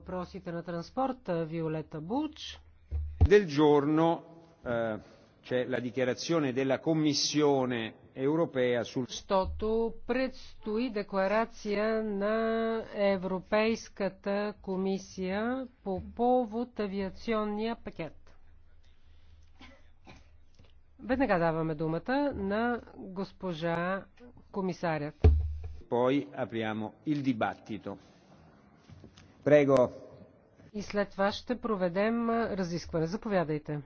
въпросите на транспорта Виолета Буч. Del giorno eh, c'è la dichiarazione della Commissione europea sul... Защото предстои декларация на Европейската комисия по повод авиационния пакет. Веднага даваме думата на госпожа комисарят. Poi apriamo il dibattito. Прего. И след това ще проведем разискване. Заповядайте.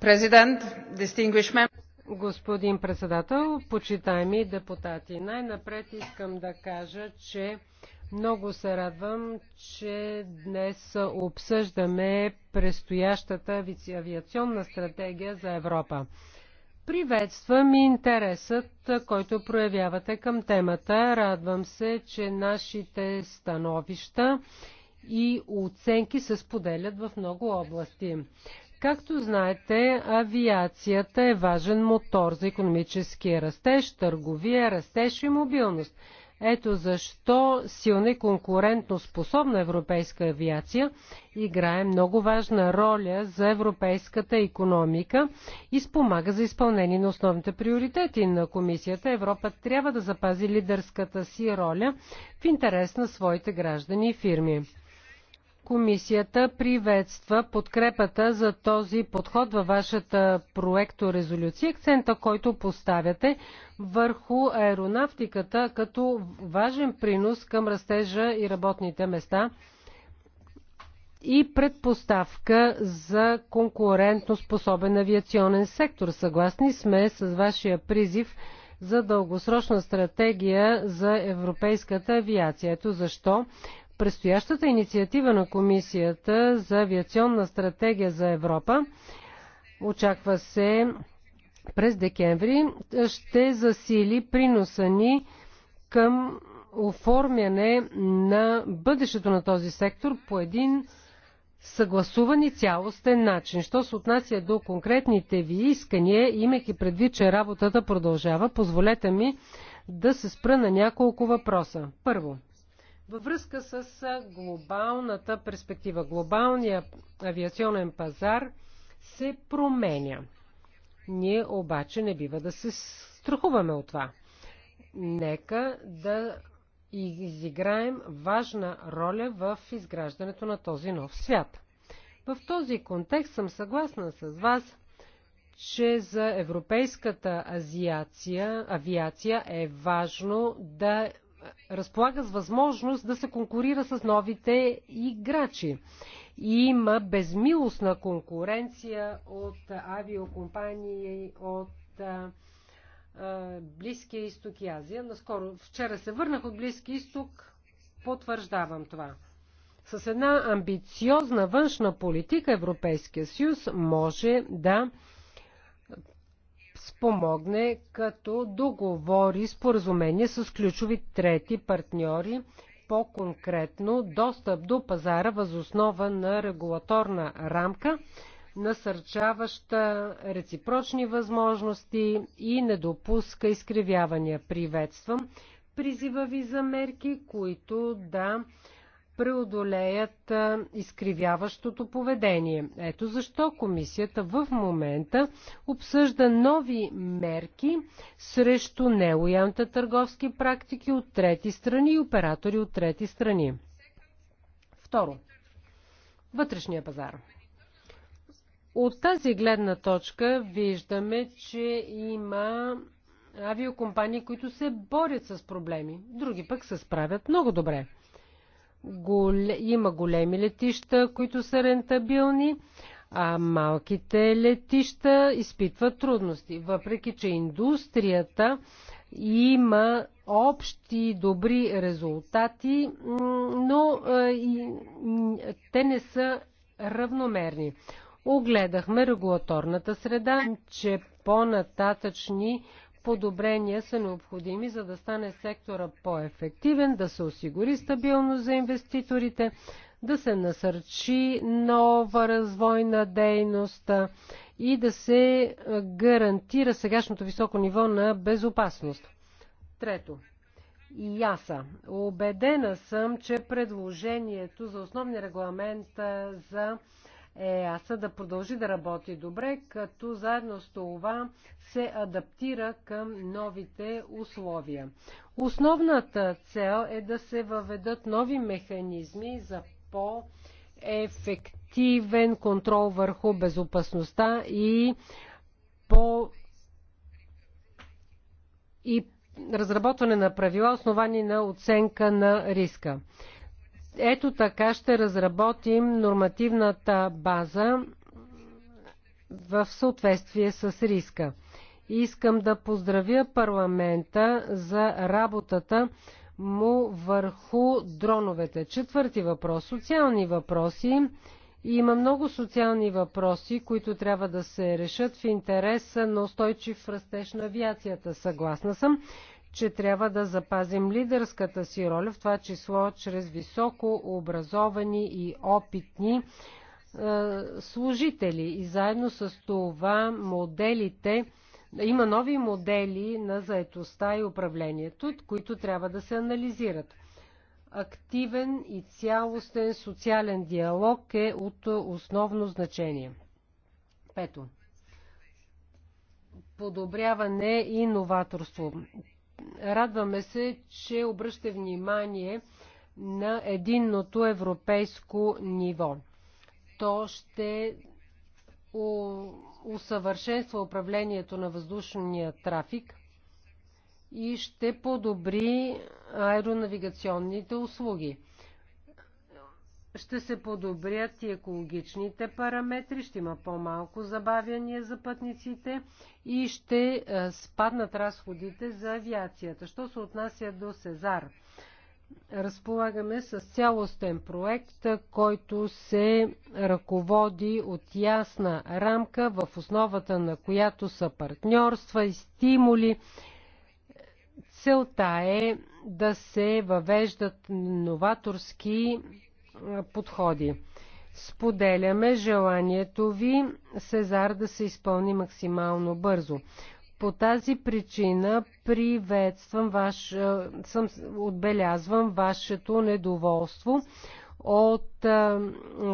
Президент, Господин председател, почитаеми депутати, най-напред искам да кажа, че много се радвам, че днес обсъждаме предстоящата авиационна стратегия за Европа. Приветствам интересът, който проявявате към темата. Радвам се, че нашите становища и оценки се споделят в много области. Както знаете, авиацията е важен мотор за економически растеж, търговия, растеж и мобилност. Ето защо силна и конкурентно способна европейска авиация играе много важна роля за европейската економика и спомага за изпълнение на основните приоритети на комисията. Европа трябва да запази лидерската си роля в интерес на своите граждани и фирми. Комисията приветства подкрепата за този подход във вашата проекторезолюция, акцента, който поставяте върху аеронавтиката като важен принос към растежа и работните места и предпоставка за конкурентно способен авиационен сектор. Съгласни сме с вашия призив за дългосрочна стратегия за европейската авиация. Ето защо Предстоящата инициатива на Комисията за авиационна стратегия за Европа очаква се през декември, ще засили приноса ни към оформяне на бъдещето на този сектор по един съгласуван и цялостен начин. Що се отнася до конкретните ви искания, имайки предвид, че работата продължава, позволете ми да се спра на няколко въпроса. Първо, във връзка с глобалната перспектива, глобалният авиационен пазар се променя. Ние обаче не бива да се страхуваме от това. Нека да изиграем важна роля в изграждането на този нов свят. В този контекст съм съгласна с вас, че за европейската азиация, авиация е важно да разполага с възможност да се конкурира с новите играчи. И има безмилостна конкуренция от авиокомпании от Близкия изток и Азия. Наскоро, вчера се върнах от Близки изток, потвърждавам това. С една амбициозна външна политика Европейския съюз може да спомогне, като договори споразумение с ключови трети партньори, по-конкретно достъп до пазара възоснова на регулаторна рамка, насърчаваща реципрочни възможности и не допуска изкривявания. Приветствам призива ви за мерки, които да преодолеят изкривяващото поведение. Ето защо комисията в момента обсъжда нови мерки срещу нелоялните търговски практики от трети страни и оператори от трети страни. Второ. Вътрешния пазар. От тази гледна точка виждаме, че има авиокомпании, които се борят с проблеми, други пък се справят много добре голе, има големи летища, които са рентабилни, а малките летища изпитват трудности. Въпреки, че индустрията има общи добри резултати, но и, те не са равномерни. Огледахме регулаторната среда, че по-нататъчни подобрения са необходими, за да стане сектора по-ефективен, да се осигури стабилност за инвеститорите, да се насърчи нова развойна дейност и да се гарантира сегашното високо ниво на безопасност. Трето. И аз съм. Обедена съм, че предложението за основни регламент за ЕАСА да продължи да работи добре, като заедно с това се адаптира към новите условия. Основната цел е да се въведат нови механизми за по- ефективен контрол върху безопасността и по и разработване на правила, основани на оценка на риска. Ето така ще разработим нормативната база в съответствие с риска. Искам да поздравя парламента за работата му върху дроновете. Четвърти въпрос. Социални въпроси. Има много социални въпроси, които трябва да се решат в интереса на устойчив растеж на авиацията. Съгласна съм че трябва да запазим лидерската си роля, в това число чрез високо образовани и опитни е, служители. И заедно с това моделите, има нови модели на заетостта и управлението, които трябва да се анализират. Активен и цялостен социален диалог е от основно значение. Пето подобряване и новаторство радваме се, че обръща внимание на единното европейско ниво. То ще усъвършенства управлението на въздушния трафик и ще подобри аеронавигационните услуги ще се подобрят и екологичните параметри, ще има по-малко забавяния за пътниците и ще е, спаднат разходите за авиацията. Що се отнася до Сезар? Разполагаме с цялостен проект, който се ръководи от ясна рамка, в основата на която са партньорства и стимули. Целта е да се въвеждат новаторски подходи. Споделяме желанието ви Сезар да се изпълни максимално бързо. По тази причина приветствам ваш, съм, отбелязвам вашето недоволство от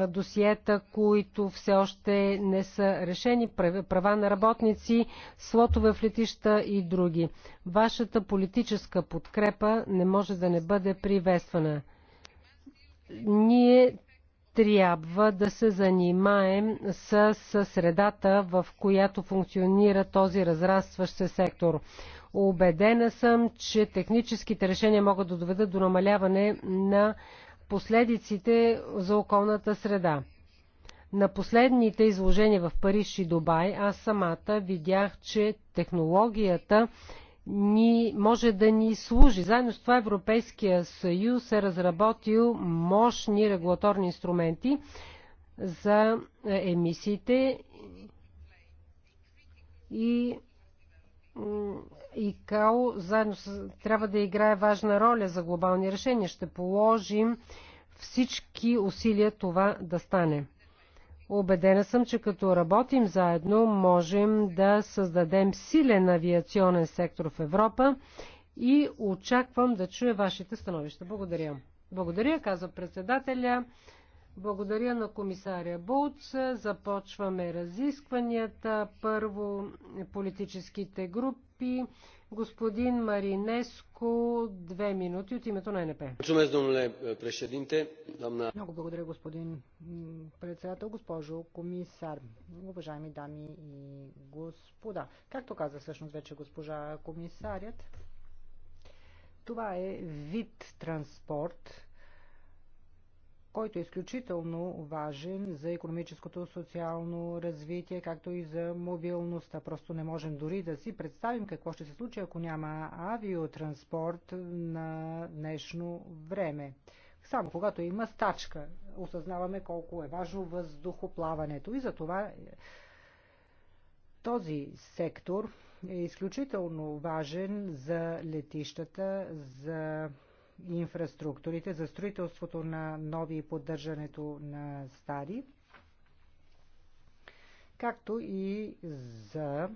досиета, които все още не са решени, права на работници, слотове в летища и други. Вашата политическа подкрепа не може да не бъде приветствана. Ние трябва да се занимаем с средата, в която функционира този разрастващ се сектор. Обедена съм, че техническите решения могат да доведат до намаляване на последиците за околната среда. На последните изложения в Париж и Дубай аз самата видях, че технологията ни, може да ни служи. Заедно с това Европейския съюз е разработил мощни регулаторни инструменти за е, емисиите и ИКАО заедно с, трябва да играе важна роля за глобални решения. Ще положим всички усилия това да стане. Обедена съм, че като работим заедно, можем да създадем силен авиационен сектор в Европа и очаквам да чуя вашите становища. Благодаря. Благодаря, казва председателя. Благодаря на комисаря Булц. Започваме разискванията. Първо политическите групи. Господин Маринеско, две минути от името на НП. Много благодаря, господин председател, госпожо комисар, уважаеми дами и господа. Както каза всъщност вече госпожа комисарят, това е вид транспорт, който е изключително важен за економическото, социално развитие, както и за мобилността. Просто не можем дори да си представим какво ще се случи, ако няма авиотранспорт на днешно време. Само когато има стачка, осъзнаваме колко е важно въздухоплаването. И за това е, този сектор е изключително важен за летищата, за инфраструктурите, за строителството на нови и поддържането на стари, както и за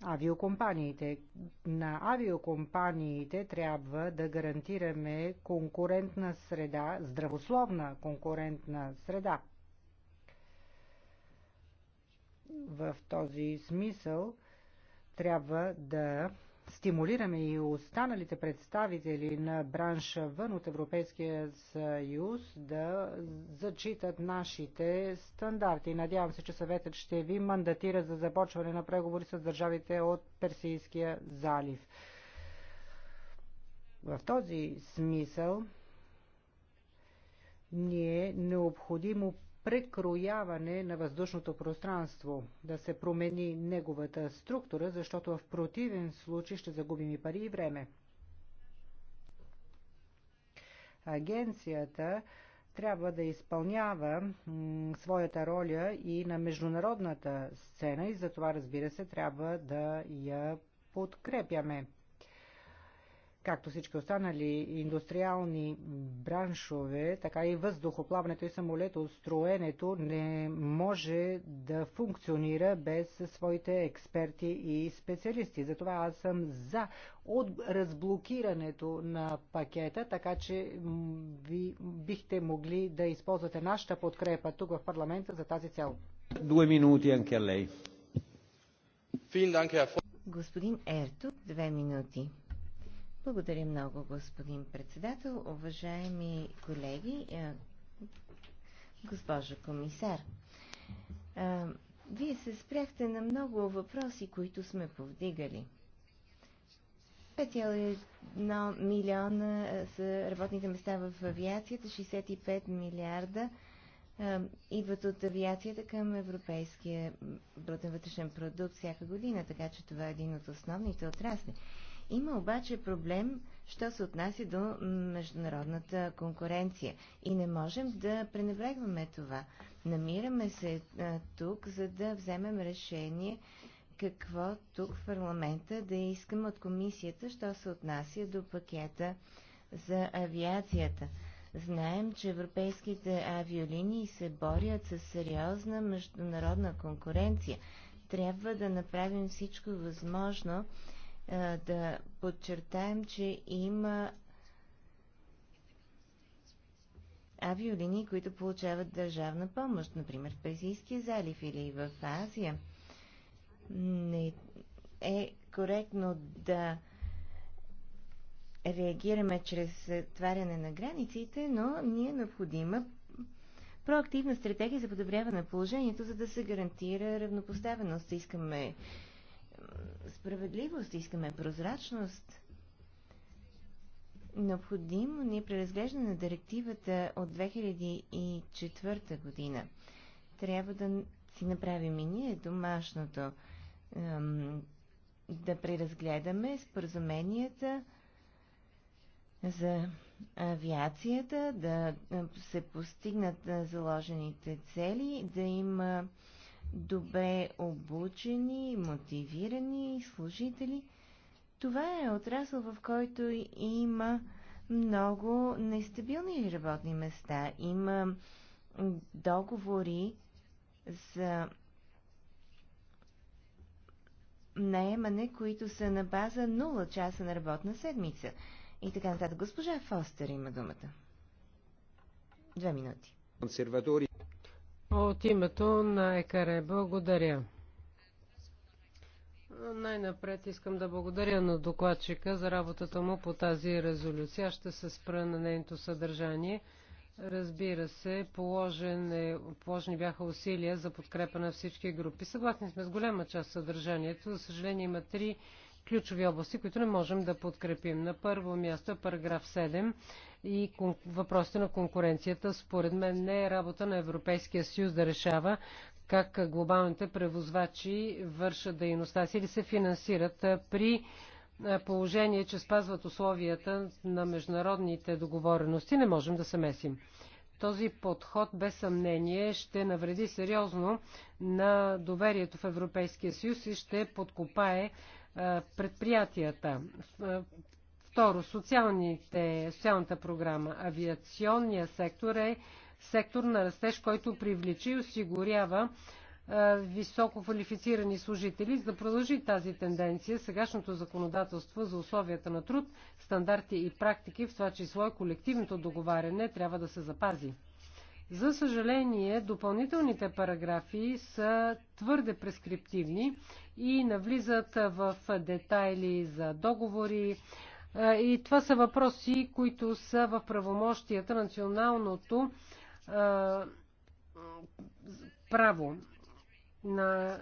авиокомпаниите. На авиокомпаниите трябва да гарантираме конкурентна среда, здравословна конкурентна среда. В този смисъл трябва да стимулираме и останалите представители на бранша вън от Европейския съюз да зачитат нашите стандарти. Надявам се, че съветът ще ви мандатира за започване на преговори с държавите от Персийския залив. В този смисъл ни е необходимо прекрояване на въздушното пространство, да се промени неговата структура, защото в противен случай ще загубим и пари и време. Агенцията трябва да изпълнява своята роля и на международната сцена и за това, разбира се, трябва да я подкрепяме както всички останали индустриални браншове, така и въздухоплаването и самолето, строенето не може да функционира без своите експерти и специалисти. Затова аз съм за от разблокирането на пакета, така че ви бихте могли да използвате нашата подкрепа тук в парламента за тази цел. Две минути, Анкелей. Господин Ерто, две минути. Благодаря много, господин председател. Уважаеми колеги, е, госпожа комисар, е, вие се спряхте на много въпроси, които сме повдигали. 5,1 милиона е, са работните места в авиацията, 65 милиарда идват от авиацията към европейския брутен вътрешен продукт всяка година, така че това е един от основните отрасли. Има обаче проблем, що се отнася до международната конкуренция. И не можем да пренебрегваме това. Намираме се а, тук, за да вземем решение какво тук в парламента да искаме от комисията, що се отнася до пакета за авиацията. Знаем, че европейските авиолинии се борят с сериозна международна конкуренция. Трябва да направим всичко възможно, да подчертаем, че има авиолинии, които получават държавна помощ, например в Персийския залив или в Азия. Не е коректно да реагираме чрез тваряне на границите, но ни е необходима проактивна стратегия за подобряване на положението, за да се гарантира равнопоставеност. Искаме справедливост, искаме прозрачност. Необходимо ни е преразглеждане на директивата от 2004 година. Трябва да си направим и ние домашното, да преразгледаме споразуменията за авиацията, да се постигнат заложените цели, да има добре обучени, мотивирани служители. Това е отрасъл, в който има много нестабилни работни места. Има договори за наемане, които са на база 0 часа на работна седмица. И така нататък. Госпожа Фостер има думата. Две минути. Консерватори от името на ЕКР благодаря. Най-напред искам да благодаря на докладчика за работата му по тази резолюция. Ще се спра на нейното съдържание. Разбира се, положени, е, положени бяха усилия за подкрепа на всички групи. Съгласни сме с голяма част съдържанието. За съжаление има три ключови области, които не можем да подкрепим. На първо място параграф и въпросите на конкуренцията. Според мен не е работа на Европейския съюз да решава как глобалните превозвачи вършат дейността си или се финансират при положение, че спазват условията на международните договорености. Не можем да се месим. Този подход без съмнение ще навреди сериозно на доверието в Европейския съюз и ще подкопае предприятията. Второ, социалната програма. Авиационният сектор е сектор на растеж, който привлича и осигурява високо квалифицирани служители. За да продължи тази тенденция, сегашното законодателство за условията на труд, стандарти и практики, в това число и колективното договаряне, трябва да се запази. За съжаление, допълнителните параграфи са твърде прескриптивни и навлизат в детайли за договори, и това са въпроси, които са в правомощията на националното право. На...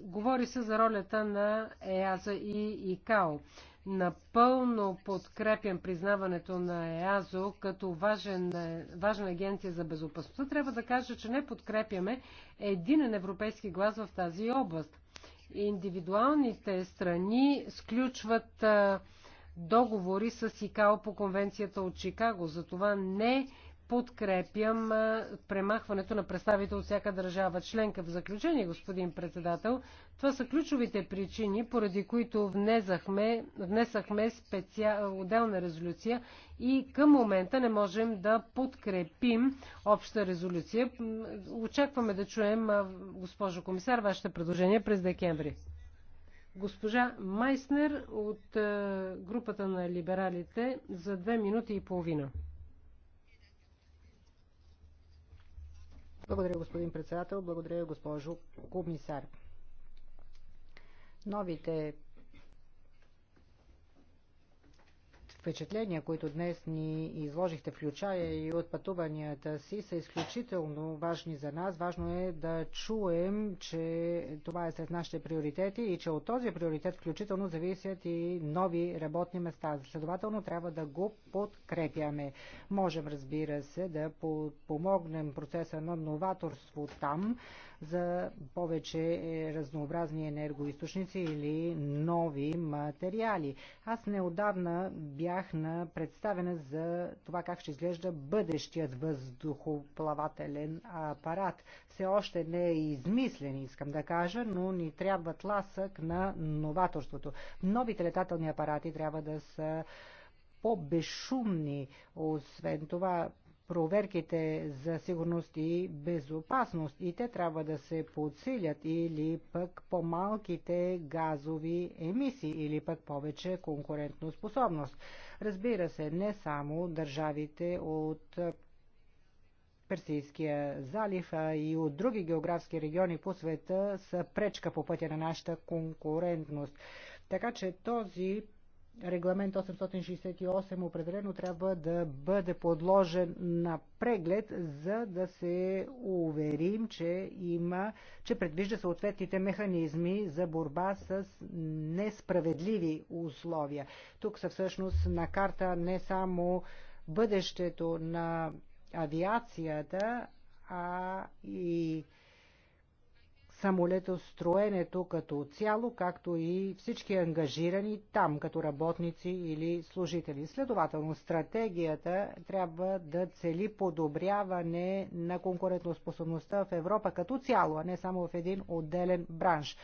Говори се за ролята на ЕАЗа и ИКАО. Напълно подкрепям признаването на ЕАЗО като важен, важна агенция за безопасността. Трябва да кажа, че не подкрепяме един европейски глас в тази област. Индивидуалните страни сключват договори с ИКАО по конвенцията от Чикаго. Затова не подкрепям премахването на представител от всяка държава членка. В заключение, господин председател, това са ключовите причини, поради които внезахме, внесахме специа... отделна резолюция и към момента не можем да подкрепим обща резолюция. Очакваме да чуем, госпожо комисар, вашето предложение през декември. Госпожа Майснер от групата на либералите за две минути и половина. Благодаря, господин председател. Благодаря, госпожо комисар. Новите впечатления, които днес ни изложихте, включая и от пътуванията си, са изключително важни за нас. Важно е да чуем, че това е сред нашите приоритети и че от този приоритет включително зависят и нови работни места. Следователно трябва да го подкрепяме. Можем, разбира се, да помогнем процеса на новаторство там за повече разнообразни енергоисточници или нови материали. Аз неодавна бях на представена за това как ще изглежда бъдещият въздухоплавателен апарат. Все още не е измислен, искам да кажа, но ни трябва тласък на новаторството. Новите летателни апарати трябва да са по-безшумни. Освен това, проверките за сигурност и безопасност и те трябва да се подсилят или пък по-малките газови емисии или пък повече конкурентно способност. Разбира се, не само държавите от Персийския залив, а и от други географски региони по света са пречка по пътя на нашата конкурентност. Така че този регламент 868 определено трябва да бъде подложен на преглед, за да се уверим, че има, че предвижда съответните механизми за борба с несправедливи условия. Тук са всъщност на карта не само бъдещето на авиацията, а и самолетостроенето като цяло, както и всички ангажирани там като работници или служители. Следователно, стратегията трябва да цели подобряване на конкурентоспособността в Европа като цяло, а не само в един отделен бранш.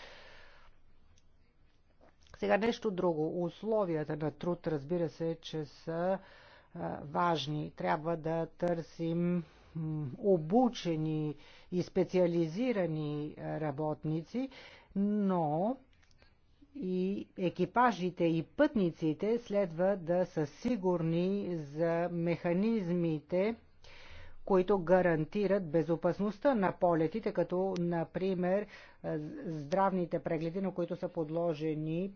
Сега нещо друго. Условията на труд, разбира се, че са важни. Трябва да търсим обучени и специализирани работници, но и екипажите и пътниците следва да са сигурни за механизмите, които гарантират безопасността на полетите, като например здравните прегледи, на които са подложени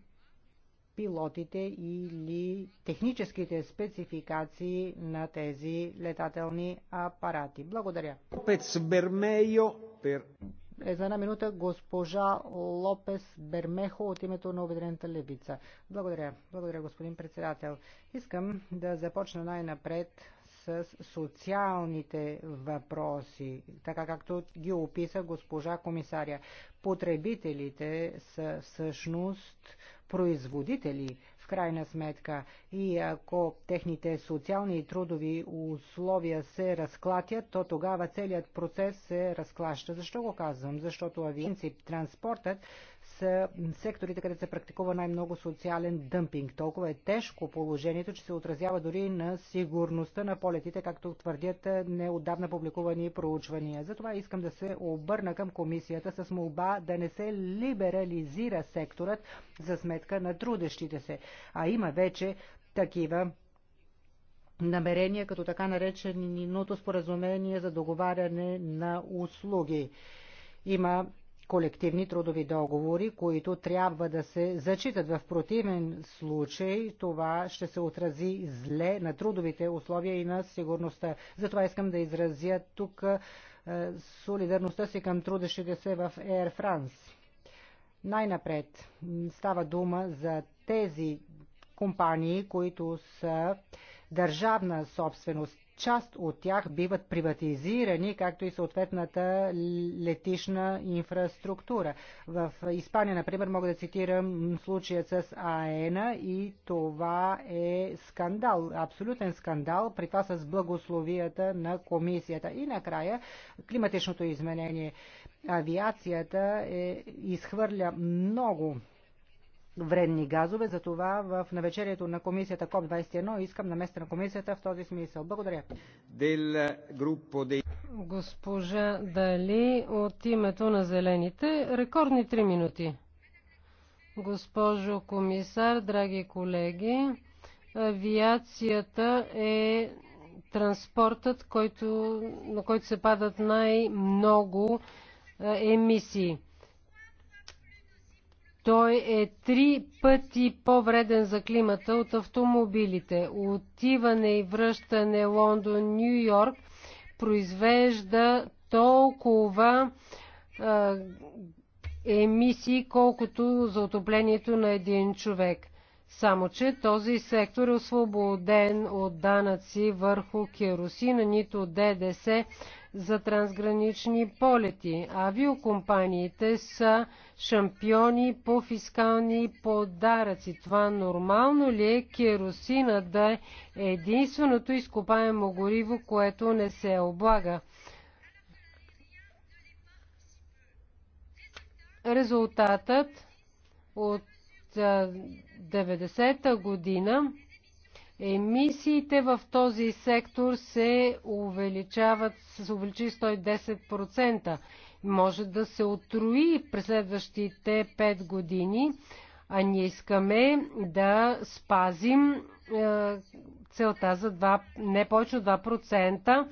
пилотите или техническите спецификации на тези летателни апарати. Благодаря. Лопец Бермейо пер... Е, за една минута госпожа Лопес Бермехо от името на Обединената левица. Благодаря. Благодаря, господин председател. Искам да започна най-напред с социалните въпроси, така както ги описа госпожа комисаря. Потребителите са всъщност производители в крайна сметка. И ако техните социални и трудови условия се разклатят, то тогава целият процес се разклаща. Защо го казвам? Защото авиенци транспортът са секторите, където се практикува най-много социален дъмпинг. Толкова е тежко положението, че се отразява дори на сигурността на полетите, както твърдят е, неодавна публикувани проучвания. Затова искам да се обърна към комисията с молба да не се либерализира секторът за сметка на трудещите се. А има вече такива намерения, като така нареченото споразумение за договаряне на услуги. Има колективни трудови договори, които трябва да се зачитат. В противен случай това ще се отрази зле на трудовите условия и на сигурността. Затова искам да изразя тук е, солидарността си към трудещите се в Air France. Най-напред става дума за тези компании, които са държавна собственост част от тях биват приватизирани, както и съответната летишна инфраструктура. В Испания, например, мога да цитирам случаят с АЕНА и това е скандал, абсолютен скандал, при това с благословията на комисията. И накрая климатичното изменение. Авиацията е, изхвърля много вредни газове. Затова в навечерието на комисията КОП-21 искам на места на комисията в този смисъл. Благодаря. Госпожа Дали от името на Зелените. Рекордни 3 минути. Госпожо комисар, драги колеги, авиацията е транспортът, който, на който се падат най-много е, емисии. Той е три пъти по-вреден за климата от автомобилите. Отиване и връщане Лондон, Нью Йорк произвежда толкова а, емисии, колкото за отоплението на един човек. Само, че този сектор е освободен от данъци върху керосина, нито ДДС за трансгранични полети. Авиокомпаниите са шампиони по фискални подаръци. Това нормално ли е керосина да е единственото изкопаемо гориво, което не се облага? Резултатът от 90-та година Емисиите в този сектор се увеличават с увеличи 110%. Може да се отруи през следващите 5 години, а ние искаме да спазим е, целта за 2, не повече от 2%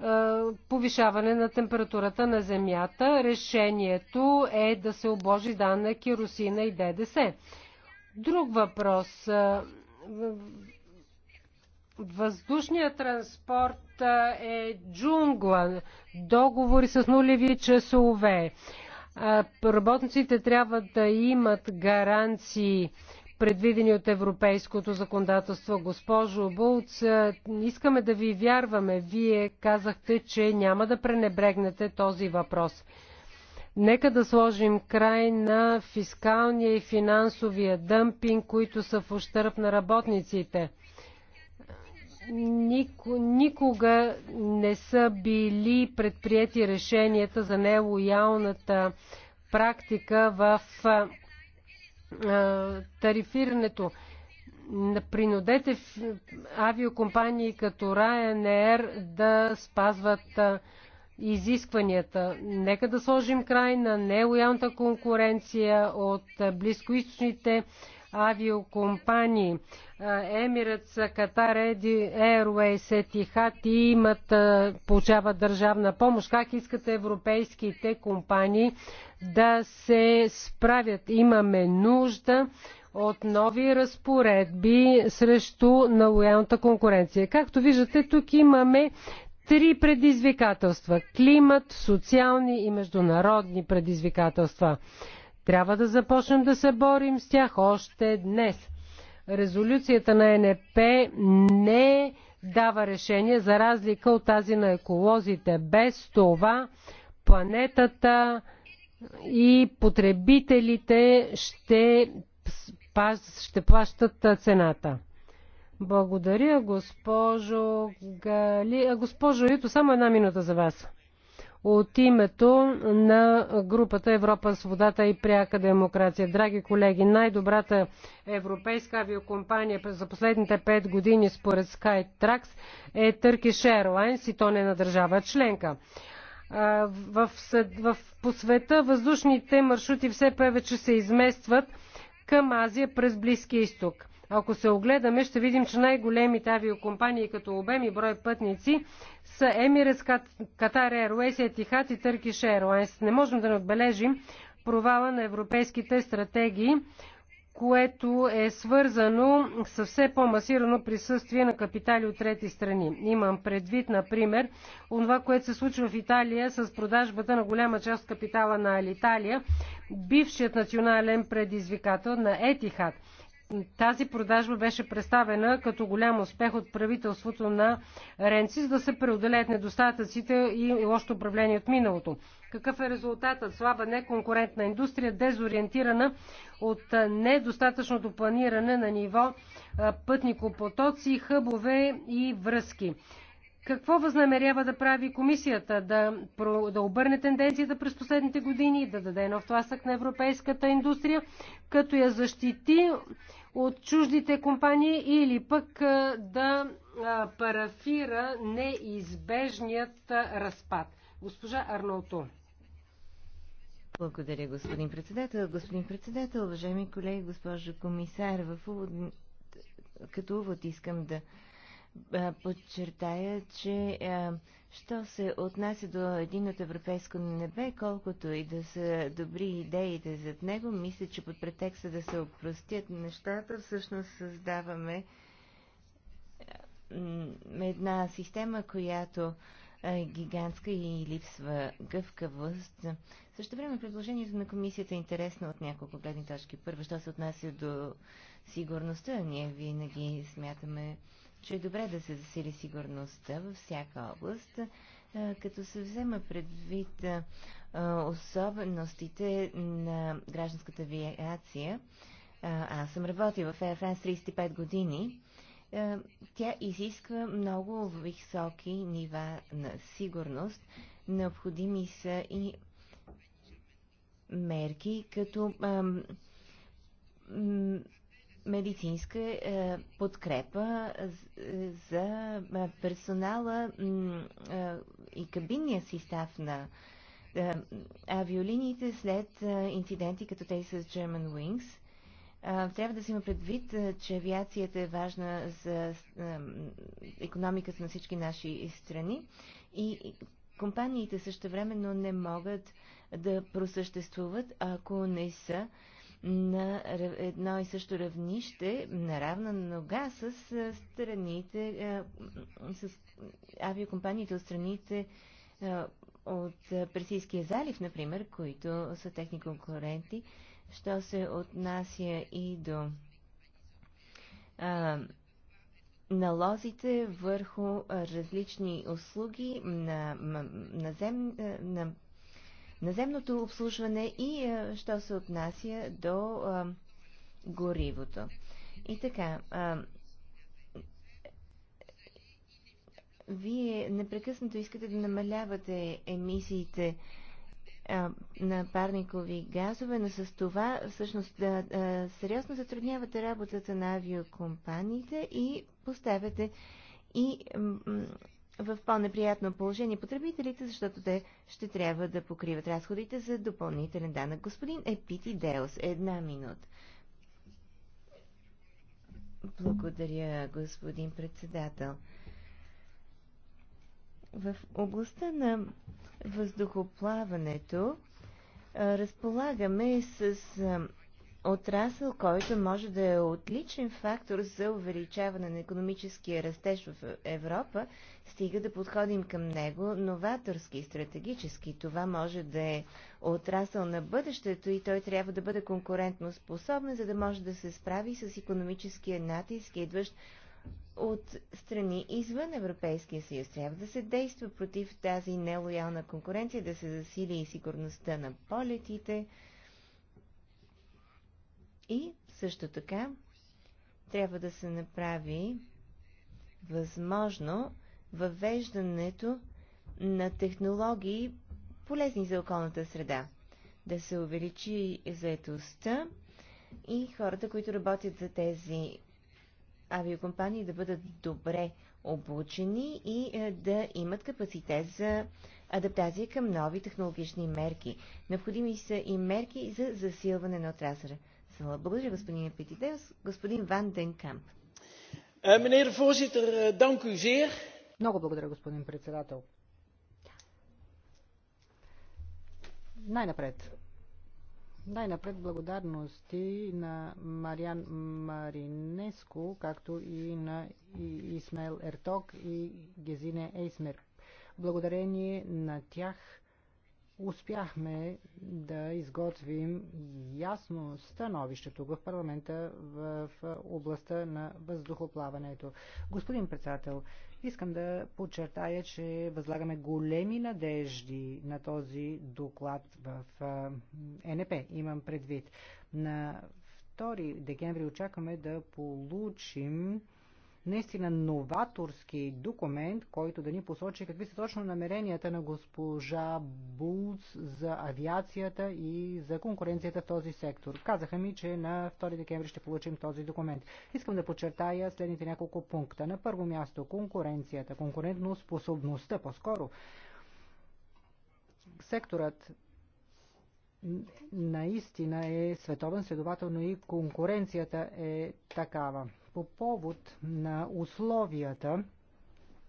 е, повишаване на температурата на земята. Решението е да се обложи данък керосина и ДДС. Друг въпрос. Е, Въздушният транспорт е джунгла, договори с нулеви часове. Работниците трябва да имат гаранции предвидени от европейското законодателство. Госпожо Булц, искаме да ви вярваме. Вие казахте, че няма да пренебрегнете този въпрос. Нека да сложим край на фискалния и финансовия дъмпинг, които са в ущърп на работниците никога не са били предприяти решенията за нелоялната практика в тарифирането. Принудете авиокомпании като Ryanair да спазват изискванията. Нека да сложим край на нелоялната конкуренция от близкоисточните авиокомпании. Емирец, Катар, Airways, Етихат и имат, получават държавна помощ. Как искате европейските компании да се справят? Имаме нужда от нови разпоредби срещу налоялната конкуренция. Както виждате, тук имаме три предизвикателства – климат, социални и международни предизвикателства. Трябва да започнем да се борим с тях още днес. Резолюцията на НП не дава решение за разлика от тази на еколозите. Без това планетата и потребителите ще, ще плащат цената. Благодаря, госпожо Гали. Госпожо Юто, само една минута за вас от името на групата Европа, свободата и пряка демокрация. Драги колеги, най-добрата европейска авиокомпания за последните 5 години според Skytrax е Turkish Airlines и то не на държава членка. В, в, по света въздушните маршрути все повече се изместват към Азия през Близкия изток. Ако се огледаме, ще видим, че най-големите авиокомпании като обем и брой пътници са Emirates, Qatar Airways, Etihad и Turkish Airlines. Не можем да не отбележим провала на европейските стратегии, което е свързано с все по-масирано присъствие на капитали от трети страни. Имам предвид, например, това, което се случва в Италия с продажбата на голяма част капитала на Алиталия, бившият национален предизвикател на Етихад. Тази продажба беше представена като голям успех от правителството на Ренци, за да се преодолеят недостатъците и лошото управление от миналото. Какъв е резултатът? Слаба неконкурентна индустрия, дезориентирана от недостатъчното планиране на ниво пътникопотоци, хъбове и връзки. Какво възнамерява да прави комисията? Да, да обърне тенденцията през последните години и да даде нов тласък на европейската индустрия, като я защити от чуждите компании или пък да парафира неизбежният разпад. Госпожа Арнолто. Благодаря, господин председател. Господин председател, уважаеми колеги, госпожо комисар, в увод... като увод искам да подчертая, че Що се отнася до един от европейско небе, колкото и да са добри идеите зад него, мисля, че под претекста да се опростят нещата, всъщност създаваме една система, която е гигантска и липсва гъвкавост. Също време предложението на комисията е интересно от няколко гледни точки. Първо, що се отнася до сигурността, ние винаги смятаме, че е добре да се засили сигурността във всяка област, като се взема предвид особеностите на гражданската авиация. Аз съм работила в Air France 35 години. Тя изисква много високи нива на сигурност. Необходими са и мерки, като медицинска е, подкрепа е, за е, персонала и кабинния състав на авиолиниите след инциденти като тези с German Wings. Трябва да се има предвид, че авиацията е важна за економиката на всички наши страни и компаниите също времено не могат да просъществуват, ако не са на едно и също равнище, на равна нога с страните, с авиокомпаниите от страните от Персийския залив, например, които са техни конкуренти, що се отнася и до а, налозите върху различни услуги на, на, зем, на наземното обслужване и а, е, що се отнася до а, е, горивото. И така, а, е, вие непрекъснато искате да намалявате емисиите а, на парникови газове, но с това всъщност да, а, сериозно затруднявате работата на авиокомпаниите и поставяте и в по-неприятно положение потребителите, защото те ще трябва да покриват разходите за допълнителен данък. Господин Епити Деос, една минута. Благодаря, господин председател. В областта на въздухоплаването разполагаме с отрасъл, който може да е отличен фактор за увеличаване на економическия растеж в Европа, стига да подходим към него новаторски и стратегически. Това може да е отрасъл на бъдещето и той трябва да бъде конкурентно способен, за да може да се справи с економическия натиск, идващ от страни извън Европейския съюз. Трябва да се действа против тази нелоялна конкуренция, да се засили и сигурността на полетите, и също така трябва да се направи възможно въвеждането на технологии, полезни за околната среда. Да се увеличи заетостта и хората, които работят за тези авиокомпании, да бъдат добре обучени и е, да имат капацитет за адаптация към нови технологични мерки. Необходими са и мерки за засилване на отрасъра. Благодаря, господин Петитеус, Господин Ван Денкамп. Meneer de voorzitter, dank u zeer. Много благодаря, господин председател. Най-напред. Най-напред благодарности на Мариан Маринеско, както и на Исмаел Ерток и Гезине Ейсмер. Благодарение на тях успяхме да изготвим ясно становище тук в парламента в областта на въздухоплаването. Господин председател, искам да подчертая, че възлагаме големи надежди на този доклад в НП, имам предвид. На 2 декември очакваме да получим наистина новаторски документ, който да ни посочи какви са точно намеренията на госпожа Булц за авиацията и за конкуренцията в този сектор. Казаха ми, че на 2 декември ще получим този документ. Искам да подчертая следните няколко пункта. На първо място конкуренцията, конкурентно способността по-скоро. Секторът наистина е световен, следователно и конкуренцията е такава по повод на условията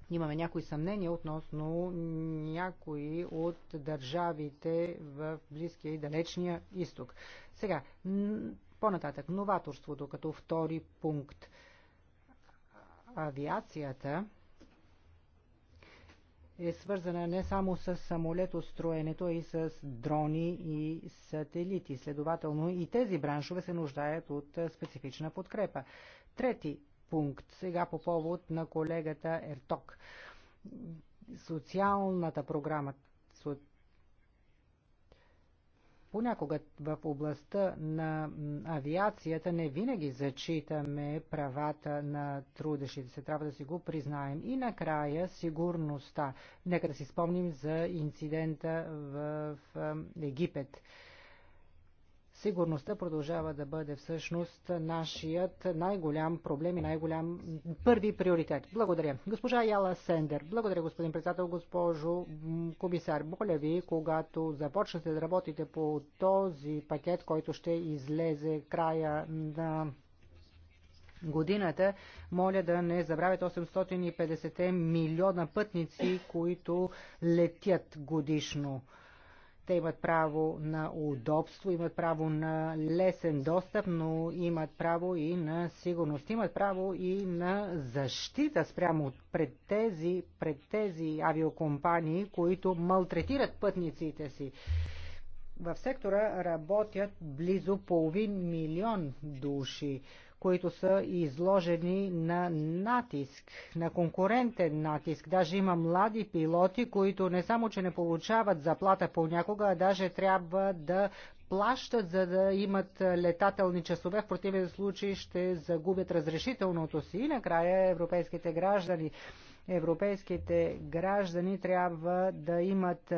имаме някои съмнения относно някои от държавите в Близкия и Далечния изток. Сега, по-нататък, новаторството като втори пункт. Авиацията е свързана не само с самолетостроенето, а и с дрони и сателити. Следователно и тези браншове се нуждаят от специфична подкрепа трети пункт, сега по повод на колегата Ерток. Социалната програма, понякога в областта на авиацията не винаги зачитаме правата на трудещите се. Трябва да си го признаем. И накрая сигурността. Нека да си спомним за инцидента в Египет. Сигурността продължава да бъде всъщност нашият най-голям проблем и най-голям първи приоритет. Благодаря. Госпожа Яла Сендер, благодаря господин председател, госпожо комисар. Моля ви, когато започнете да работите по този пакет, който ще излезе края на годината. Моля да не забравят 850 милиона пътници, които летят годишно. Те имат право на удобство, имат право на лесен достъп, но имат право и на сигурност. Имат право и на защита спрямо пред тези, пред тези авиокомпании, които малтретират пътниците си. В сектора работят близо половин милион души, които са изложени на натиск, на конкурентен натиск. Даже има млади пилоти, които не само, че не получават заплата понякога, а даже трябва да плащат, за да имат летателни часове. В противен случай ще загубят разрешителното си. И накрая европейските граждани европейските граждани трябва да имат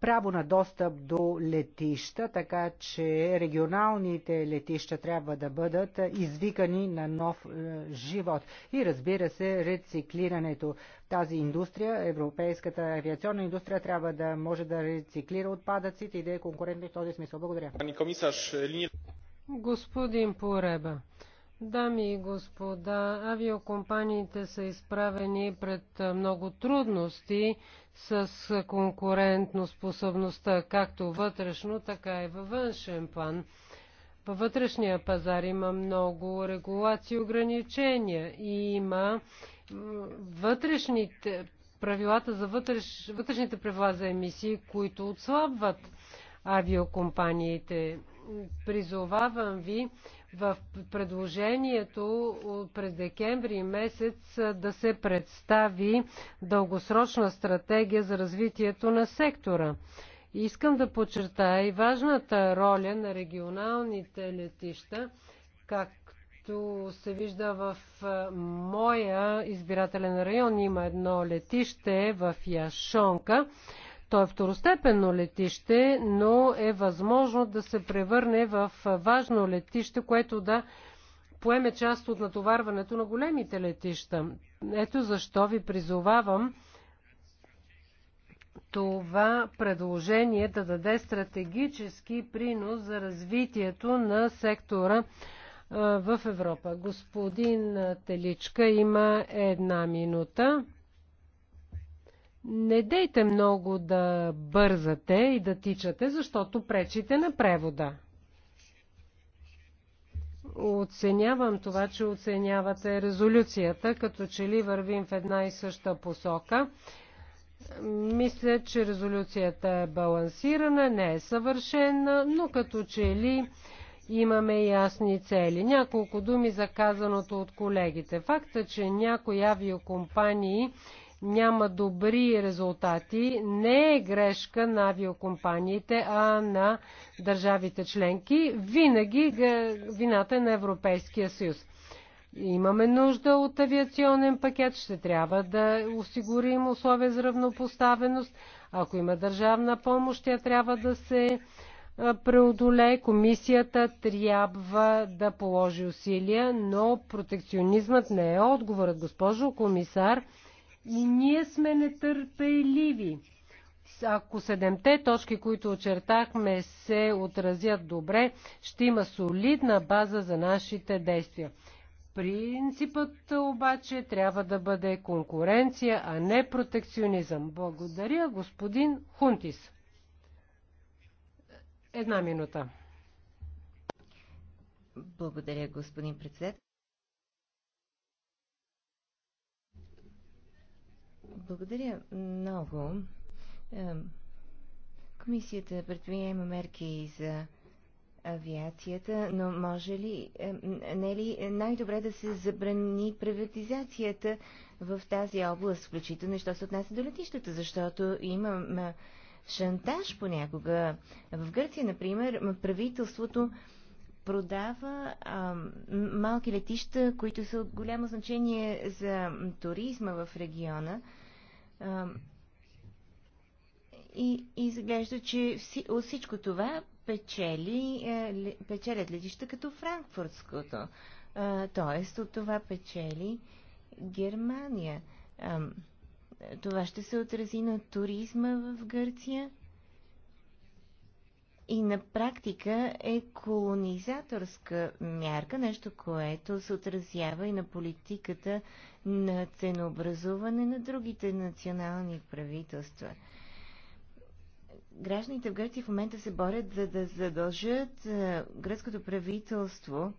право на достъп до летища, така че регионалните летища трябва да бъдат извикани на нов е, живот. И разбира се, рециклирането. Тази индустрия, европейската авиационна индустрия, трябва да може да рециклира отпадъците и да е конкурентна в този смисъл. Благодаря. Господин Пореба, Дами и господа, авиокомпаниите са изправени пред много трудности с конкурентно способността, както вътрешно, така и във външен план. Във вътрешния пазар има много регулации и ограничения и има вътрешните правилата за вътреш, вътрешните правила за емисии, които отслабват авиокомпаниите. Призовавам ви в предложението през декември месец да се представи дългосрочна стратегия за развитието на сектора. Искам да подчертая и важната роля на регионалните летища, както се вижда в моя избирателен район. Има едно летище в Яшонка то е второстепенно летище, но е възможно да се превърне в важно летище, което да поеме част от натоварването на големите летища. Ето защо ви призовавам това предложение да даде стратегически принос за развитието на сектора в Европа. Господин Теличка има една минута. Не дейте много да бързате и да тичате, защото пречите на превода. Оценявам това, че оценявате резолюцията, като че ли вървим в една и съща посока. Мисля, че резолюцията е балансирана, не е съвършена, но като че ли имаме ясни цели. Няколко думи за казаното от колегите. Факта, че някои авиокомпании няма добри резултати, не е грешка на авиокомпаниите, а на държавите членки. Винаги вината е на Европейския съюз. Имаме нужда от авиационен пакет, ще трябва да осигурим условия за равнопоставеност. Ако има държавна помощ, тя трябва да се преодолее. Комисията трябва да положи усилия, но протекционизмът не е отговорът, госпожо комисар. И ние сме нетърпеливи. Ако седемте точки, които очертахме, се отразят добре, ще има солидна база за нашите действия. Принципът обаче трябва да бъде конкуренция, а не протекционизъм. Благодаря, господин Хунтис. Една минута. Благодаря, господин председател. Благодаря много. Е, комисията предприема мерки за авиацията, но може ли, е, не е ли най-добре да се забрани приватизацията в тази област, включително, що се отнася до летищата, защото имам шантаж понякога. В Гърция, например, правителството продава а, малки летища, които са от голямо значение за туризма в региона, и изглежда, че от всичко това печели, е, печелят летища като франкфуртското. Тоест, от това печели Германия. Това ще се отрази на туризма в Гърция и на практика е колонизаторска мярка, нещо, което се отразява и на политиката на ценообразуване на другите национални правителства. Гражданите в Гърция в момента се борят за да задължат гръцкото правителство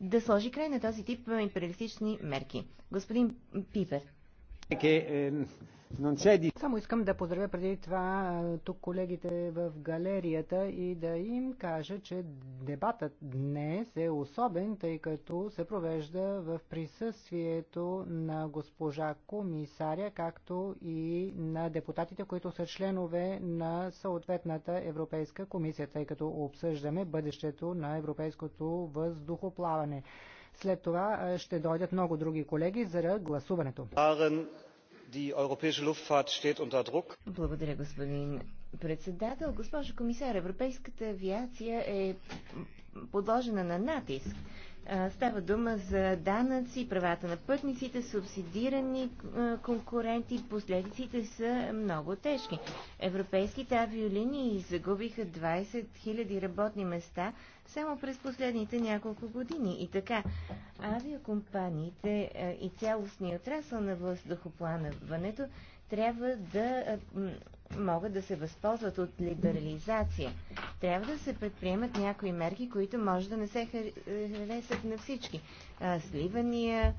да сложи край на този тип империалистични мерки. Господин Пипер, Ehm, Само искам да поздравя преди това тук колегите в галерията и да им кажа, че дебатът днес е особен, тъй като се провежда в присъствието на госпожа комисаря, както и на депутатите, които са членове на съответната Европейска комисия, тъй като обсъждаме бъдещето на европейското въздухоплаване. След това ще дойдат много други колеги за гласуването. Благодаря, господин председател. Госпожо комисар, европейската авиация е подложена на натиск. Става дума за данъци, правата на пътниците, субсидирани конкуренти. Последиците са много тежки. Европейските авиолинии загубиха 20 000 работни места само през последните няколко години. И така, авиакомпаниите и цялостния отрасъл на въздухопланаването трябва да могат да се възползват от либерализация. Трябва да се предприемат някои мерки, които може да не се харесат на всички. Сливания,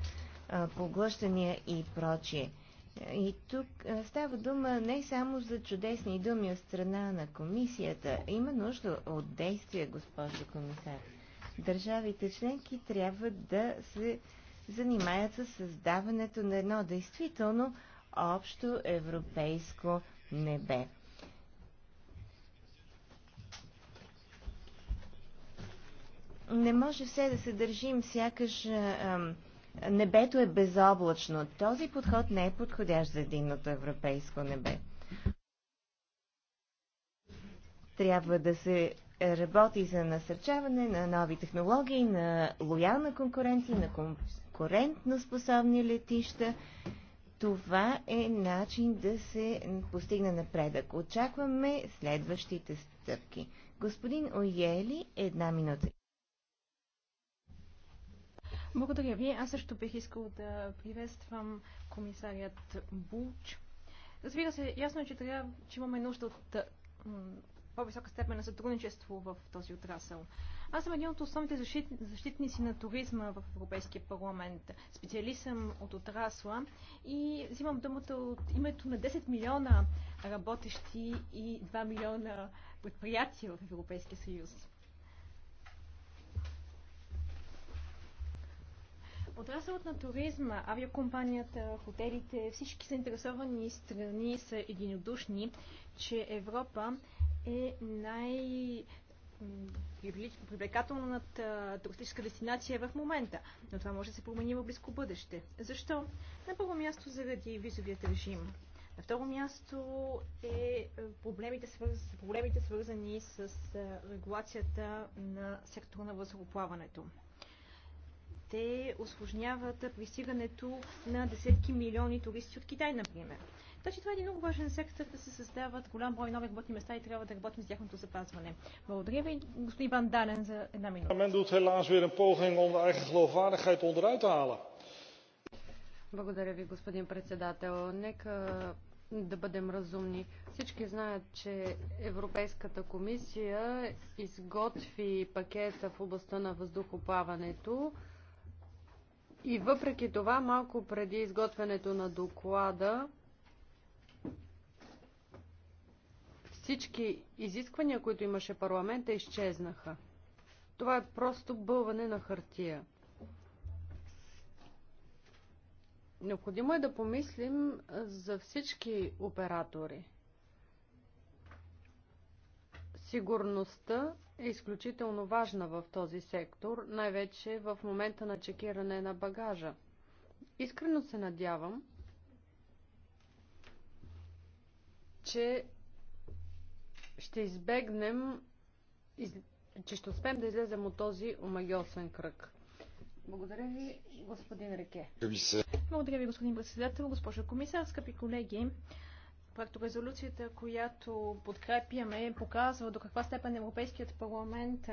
поглъщания и прочие. И тук става дума не само за чудесни думи от страна на комисията. Има нужда от действия, госпожо комисар. Държавите членки трябва да се занимаят с създаването на едно действително общо европейско небе. Не може все да се държим, сякаш а, а, небето е безоблачно. Този подход не е подходящ за единното европейско небе. Трябва да се работи за насърчаване на нови технологии, на лоялна конкуренция, на конкурентно способни летища това е начин да се постигне напредък. Очакваме следващите стъпки. Господин Оели, една минута. Благодаря ви. Аз също бих искал да приветствам комисарият Буч. Разбира се, ясно е, че, трябва, че имаме нужда от по-висока степен на сътрудничество в този отрасъл. Аз съм един от основните защит, защитници на туризма в Европейския парламент. Специалист съм от отрасла и взимам думата от името на 10 милиона работещи и 2 милиона предприятия в Европейския съюз. Отрасълът на туризма, авиакомпанията, хотелите, всички заинтересовани страни са единодушни, че Европа е най- привлекателната туристическа дестинация в момента, но това може да се промени в близко бъдеще. Защо? На първо място заради визовият режим. На второ място е, е проблемите, свърз... проблемите свързани с е, регулацията на сектора на възроплаването. Те осложняват пристигането на десетки милиони туристи от Китай, например. Така че това е един много важен сектор да се създават голям брой нови работни места и трябва да работим с тяхното запазване. Благодаря ви, господин Ван Данен, за една минута. Мен doet helaas weer een poging om de eigen geloofwaardigheid onderuit te halen. Благодаря ви, господин председател. Нека да бъдем разумни. Всички знаят, че Европейската комисия изготви пакета в областта на въздухоплаването и въпреки това, малко преди изготвянето на доклада, Всички изисквания, които имаше парламента, изчезнаха. Това е просто бълване на хартия. Необходимо е да помислим за всички оператори. Сигурността е изключително важна в този сектор, най-вече в момента на чекиране на багажа. Искрено се надявам, че ще избегнем, че ще успеем да излезем от този омагиосен кръг. Благодаря ви, господин Реке. Благодаря ви, господин председател, госпожа комисар, скъпи колеги. Проекто резолюцията, която подкрепяме, показва до каква степен Европейският парламент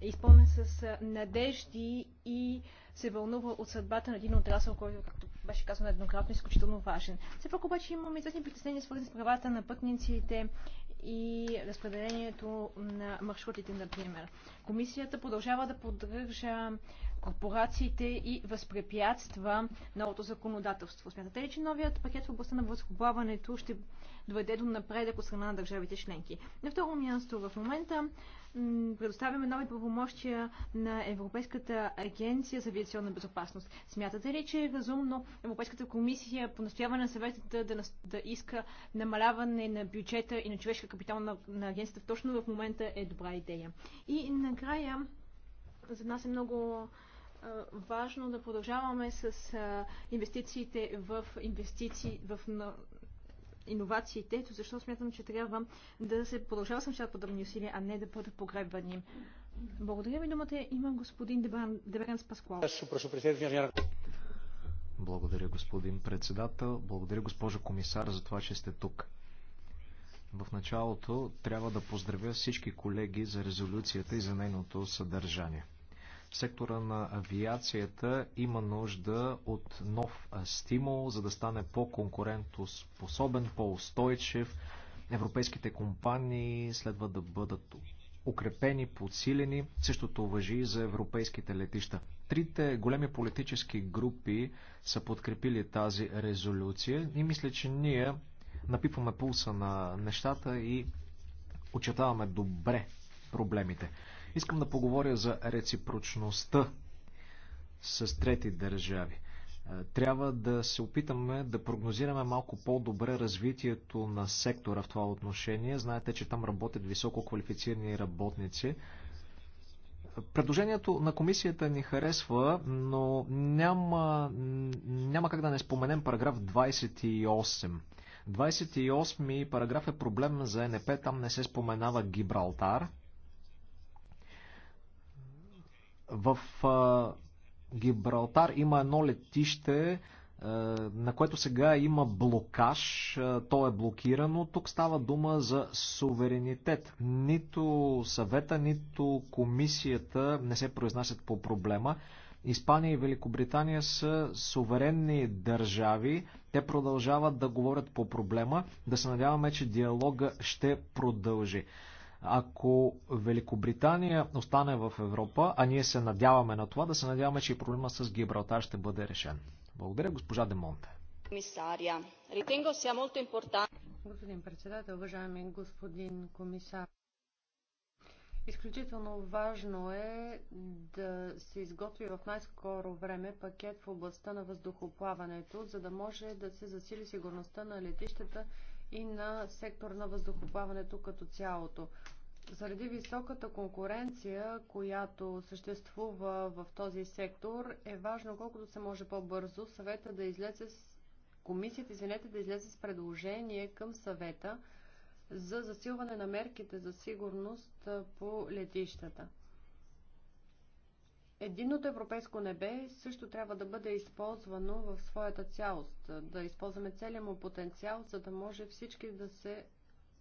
е изпълнен с надежди и се вълнува от съдбата на един отрасъл, който, е както беше казано еднократно, изключително важен. Все пак обаче имаме известни притеснения, свързани с правата на пътниците и разпределението на маршрутите, например. Комисията продължава да поддържа корпорациите и възпрепятства новото законодателство. Смятате ли, че новият пакет в областта на възхоплаването ще доведе до напредък от страна на държавите членки? На второ място, в момента предоставяме нови правомощия на Европейската агенция за авиационна безопасност. Смятате ли, че е разумно Европейската комисия по настояване на съвета да, да иска намаляване на бюджета и на човешка капитал на, на агенцията точно в момента е добра идея? И накрая, за нас е много важно да продължаваме с инвестициите в инвестиции в иновациите, то защо смятам, че трябва да се продължава с нещата подобни усилия, а не да бъдат погребвани. Благодаря ви, думата има господин Деберанс Паскуал. Благодаря, господин председател. Благодаря, госпожо комисар, за това, че сте тук. В началото трябва да поздравя всички колеги за резолюцията и за нейното съдържание. Сектора на авиацията има нужда от нов стимул, за да стане по-конкурентоспособен, по-устойчив. Европейските компании следва да бъдат укрепени, подсилени. Същото въжи и за европейските летища. Трите големи политически групи са подкрепили тази резолюция и мисля, че ние напипваме пулса на нещата и очетаваме добре проблемите. Искам да поговоря за реципрочността с трети държави. Е, трябва да се опитаме да прогнозираме малко по-добре развитието на сектора в това отношение. Знаете, че там работят високо квалифицирани работници. Предложението на комисията ни харесва, но няма, няма как да не споменем параграф 28. 28 параграф е проблем за НП, там не се споменава Гибралтар – в Гибралтар има едно летище, е, на което сега има блокаж, е, то е блокирано. Тук става дума за суверенитет. Нито съвета, нито комисията не се произнасят по проблема. Испания и Великобритания са суверенни държави. Те продължават да говорят по проблема. Да се надяваме, че диалога ще продължи. Ако Великобритания остане в Европа, а ние се надяваме на това, да се надяваме, че и проблема с Гибралтар ще бъде решен. Благодаря, госпожа Демонте. Господин председател, уважаеми господин комисар, Изключително важно е да се изготви в най-скоро време пакет в областта на въздухоплаването, за да може да се засили сигурността на летищата и на сектор на въздухоплаването като цялото. Заради високата конкуренция, която съществува в този сектор, е важно колкото се може по-бързо съвета да излезе с комисията, извинете, да излезе с предложение към съвета за засилване на мерките за сигурност по летищата. Единното европейско небе също трябва да бъде използвано в своята цялост, да използваме целия му потенциал, за да може всички да се е,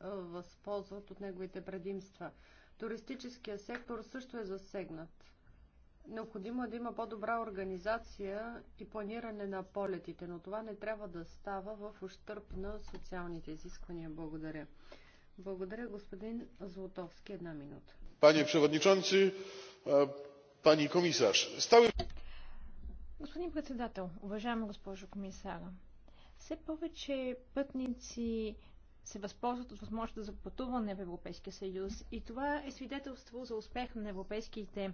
възползват от неговите предимства. Туристическия сектор също е засегнат. Необходимо е да има по-добра организация и планиране на полетите, но това не трябва да става в ущърп на социалните изисквания. Благодаря. Благодаря, господин Златовски. Една минута. Пане Przewodniczący, Господин председател, уважаема госпожо комисара, все повече пътници се възползват от възможността за пътуване в Европейския съюз и това е свидетелство за успех на европейските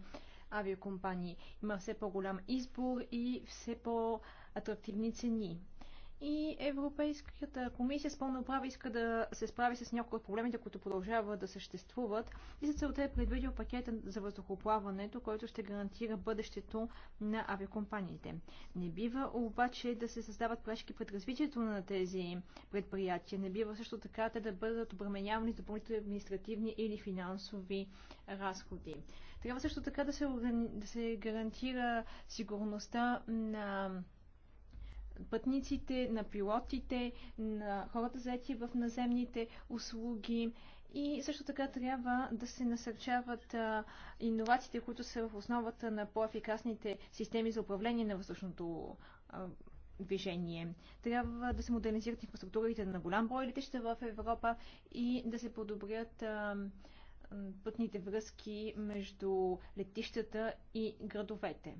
авиокомпании. Има все по-голям избор и все по-атрактивни цени и Европейската комисия с пълно право иска да се справи с някои от проблемите, които продължават да съществуват и за целта е предвидил пакета за въздухоплаването, който ще гарантира бъдещето на авиакомпаниите. Не бива обаче да се създават пречки пред развитието на тези предприятия. Не бива също така те да бъдат обременявани с допълнителни административни или финансови разходи. Трябва също така да се, да се гарантира сигурността на пътниците, на пилотите, на хората заети в наземните услуги. И също така трябва да се насърчават иновациите, които са в основата на по-ефикасните системи за управление на въздушното а, движение. Трябва да се модернизират инфраструктурите на голям брой летища в Европа и да се подобрят а, пътните връзки между летищата и градовете.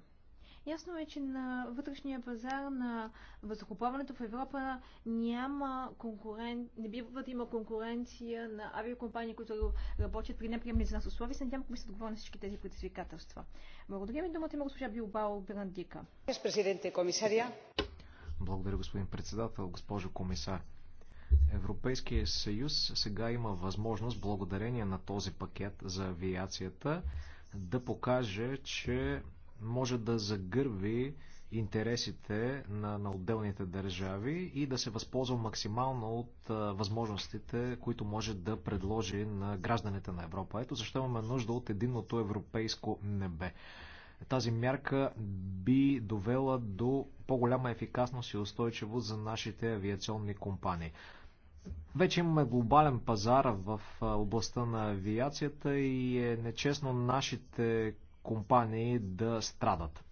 Ясно е, че на вътрешния пазар на въздухоплаването в Европа няма конкурен... не бива да има конкуренция на авиокомпании, които работят при неприемни за нас условия. Се надявам, комисията отговори на всички тези предизвикателства. Благодаря ви, думата има госпожа Билбао Брандика. Благодаря, господин председател, госпожо комисар. Европейския съюз сега има възможност, благодарение на този пакет за авиацията, да покаже, че може да загърви интересите на, на отделните държави и да се възползва максимално от а, възможностите, които може да предложи на гражданите на Европа. Ето защо имаме нужда от единното европейско небе. Тази мярка би довела до по-голяма ефикасност и устойчивост за нашите авиационни компании. Вече имаме глобален пазар в областта на авиацията и е нечестно нашите компании да страдат.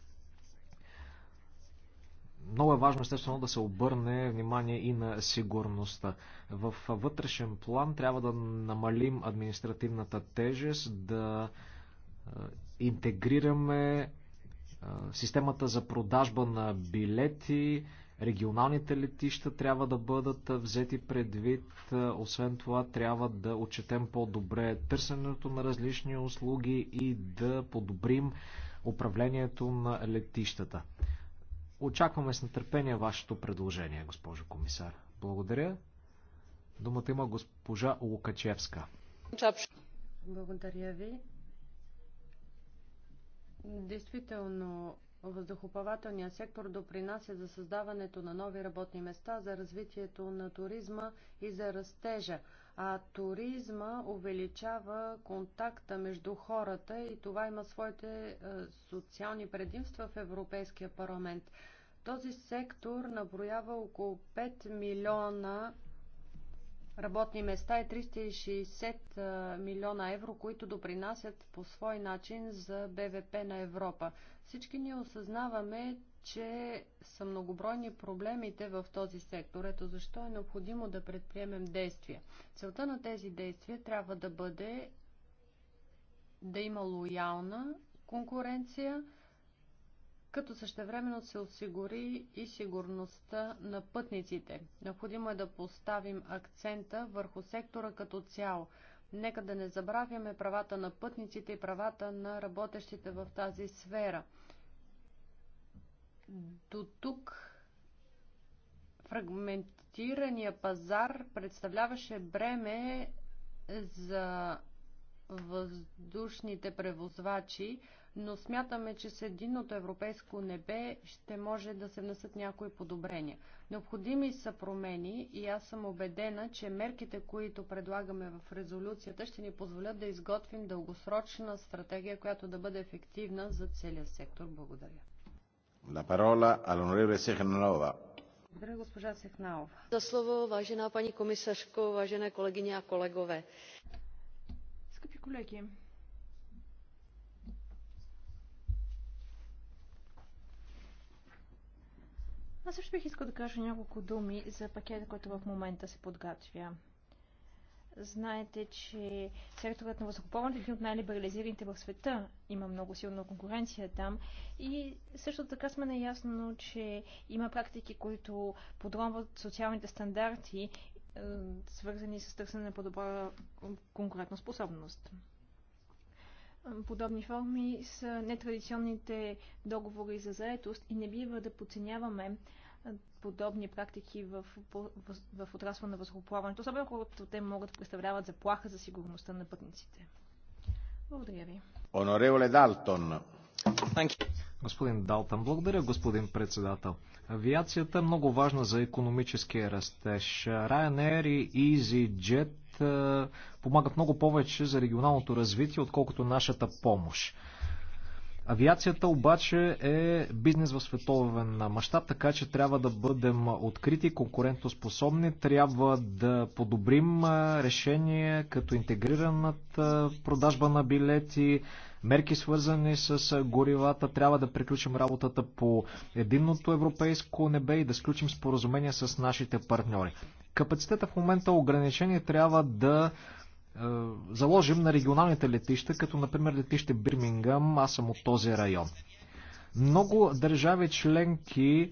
Много е важно, естествено, да се обърне внимание и на сигурността. В вътрешен план трябва да намалим административната тежест, да интегрираме системата за продажба на билети, Регионалните летища трябва да бъдат взети предвид. Освен това, трябва да отчетем по-добре търсенето на различни услуги и да подобрим управлението на летищата. Очакваме с нетърпение вашето предложение, госпожо комисар. Благодаря. Думата има госпожа Лукачевска. Благодаря ви. Действително Въздухоплавателният сектор допринася за създаването на нови работни места, за развитието на туризма и за растежа. А туризма увеличава контакта между хората и това има своите е, социални предимства в Европейския парламент. Този сектор наброява около 5 милиона работни места и 360 е, милиона евро, които допринасят по свой начин за БВП на Европа. Всички ние осъзнаваме, че са многобройни проблемите в този сектор. Ето защо е необходимо да предприемем действия. Целта на тези действия трябва да бъде да има лоялна конкуренция, като същевременно се осигури и сигурността на пътниците. Необходимо е да поставим акцента върху сектора като цяло. Нека да не забравяме правата на пътниците и правата на работещите в тази сфера – до тук фрагментирания пазар представляваше бреме за въздушните превозвачи, но смятаме, че с единното европейско небе ще може да се внесат някои подобрения. Необходими са промени и аз съм убедена, че мерките, които предлагаме в резолюцията, ще ни позволят да изготвим дългосрочна стратегия, която да бъде ефективна за целия сектор. Благодаря. La parola all'onorevole Sechnalova. Благодаря, госпожа Сехналова. За слово, важена пани комисарко, важене колегиня и колегове. Скъпи колеги, Аз също бих искал да кажа няколко думи за пакета, който в момента се подготвя. Знаете, че секторът на възокоплаването е един от най-либерализираните в света. Има много силна конкуренция там. И също така сме наясно, че има практики, които подронват социалните стандарти, е, свързани с търсене на по-добра конкурентна способност. Подобни форми са нетрадиционните договори за заетост и не бива да подценяваме подобни практики в, в, в отрасла на възхоплаването, особено когато те могат да представляват заплаха за сигурността на пътниците. Благодаря ви. Онореоле Далтон. Господин Далтън, благодаря, господин председател. Авиацията е много важна за економическия растеж. Ryanair и EasyJet е, помагат много повече за регионалното развитие, отколкото нашата помощ. Авиацията обаче е бизнес в световен мащаб, така че трябва да бъдем открити, конкурентоспособни, трябва да подобрим решения като интегрираната продажба на билети, мерки свързани с горивата, трябва да приключим работата по единното европейско небе и да сключим споразумения с нашите партньори. Капацитета в момента е ограничени трябва да е, заложим на регионалните летища, като например летище Бирмингам, аз съм от този район. Много държави членки е,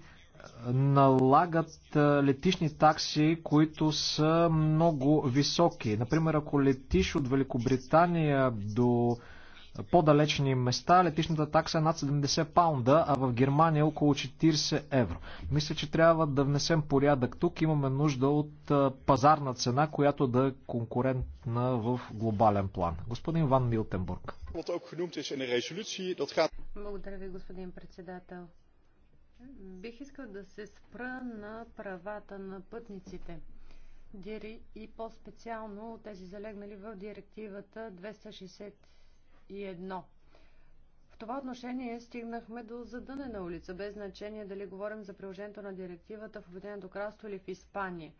налагат е, летишни такси, които са много високи. Например, ако летиш от Великобритания до по-далечни места летишната такса е над 70 паунда, а в Германия около 40 евро. Мисля, че трябва да внесем порядък тук. Имаме нужда от пазарна цена, която да е конкурентна в глобален план. Господин Ван Милтенбург. Благодаря ви, господин председател. Бих искал да се спра на правата на пътниците и по-специално тези залегнали в директивата 260 едно. В това отношение стигнахме до задънена улица, без значение дали говорим за приложението на директивата в Обединеното кралство или в Испания.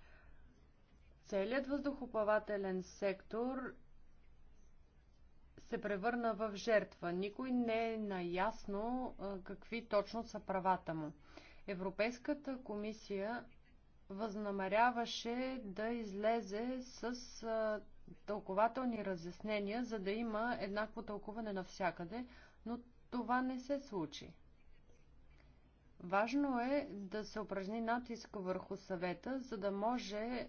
Целият въздухоплавателен сектор се превърна в жертва. Никой не е наясно какви точно са правата му. Европейската комисия възнамеряваше да излезе с тълкователни разяснения, за да има еднакво тълкуване навсякъде, но това не се случи. Важно е да се упражни натиск върху съвета, за да може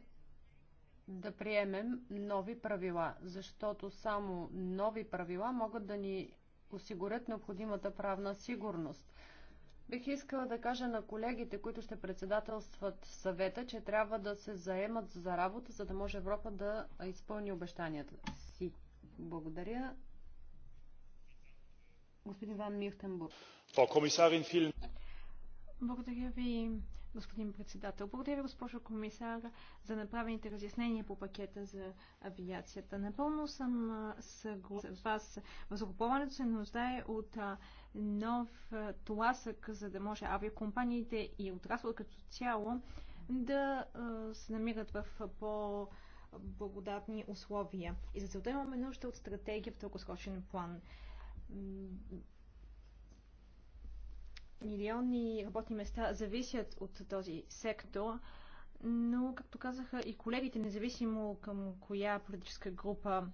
да приемем нови правила, защото само нови правила могат да ни осигурят необходимата правна сигурност. Бих искала да кажа на колегите, които ще председателстват съвета, че трябва да се заемат за работа, за да може Европа да изпълни обещанията си. Благодаря. Господин Ван Михтенбург. Благодаря ви, господин председател. Благодаря, госпожо комисар, за направените разяснения по пакета за авиацията. Напълно съм съгласен с вас. Възокупуването се нуждае от нов тласък, за да може авиакомпаниите и отрасъл като цяло да се намират в по- благодатни условия. И за целта имаме нужда от стратегия в дългосрочен план милиони работни места зависят от този сектор, но, както казаха и колегите, независимо към коя политическа група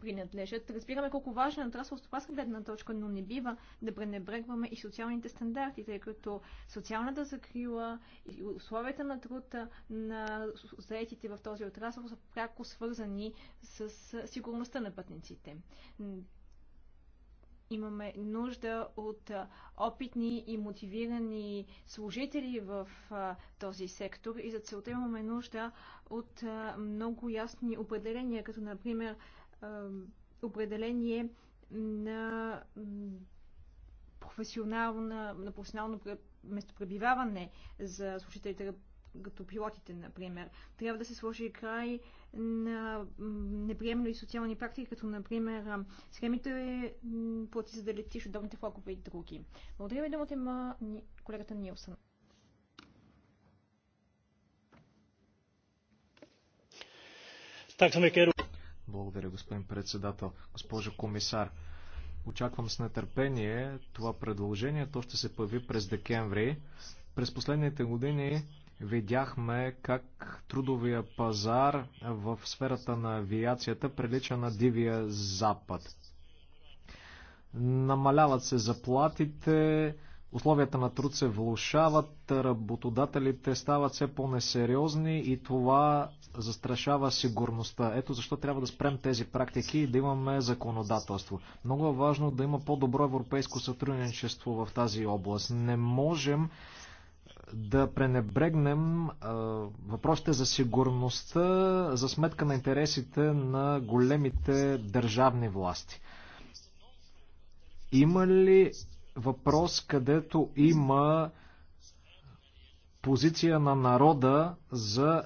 принадлежат. Разбираме колко важен е отрасъл стопанска гледна точка, но не бива да пренебрегваме и социалните стандарти, тъй като социалната закрила и условията на труда на заетите в този отрасъл са пряко свързани с сигурността на пътниците имаме нужда от опитни и мотивирани служители в този сектор и за целта имаме нужда от много ясни определения, като например определение на професионално, на професионално местопребиваване за служителите като пилотите, например. Трябва да се сложи край на неприемливи социални практики, като например схемите плати за да летиш удобните флагове и други. Благодаря ви думата има колегата Нилсън. Благодаря, господин председател. Госпожо комисар, очаквам с нетърпение това предложение. То ще се появи през декември. През последните години видяхме как трудовия пазар в сферата на авиацията прилича на дивия запад. Намаляват се заплатите, условията на труд се влушават, работодателите стават все по-несериозни и това застрашава сигурността. Ето защо трябва да спрем тези практики и да имаме законодателство. Много е важно да има по-добро европейско сътрудничество в тази област. Не можем да пренебрегнем въпросите за сигурността за сметка на интересите на големите държавни власти. Има ли въпрос, където има позиция на народа за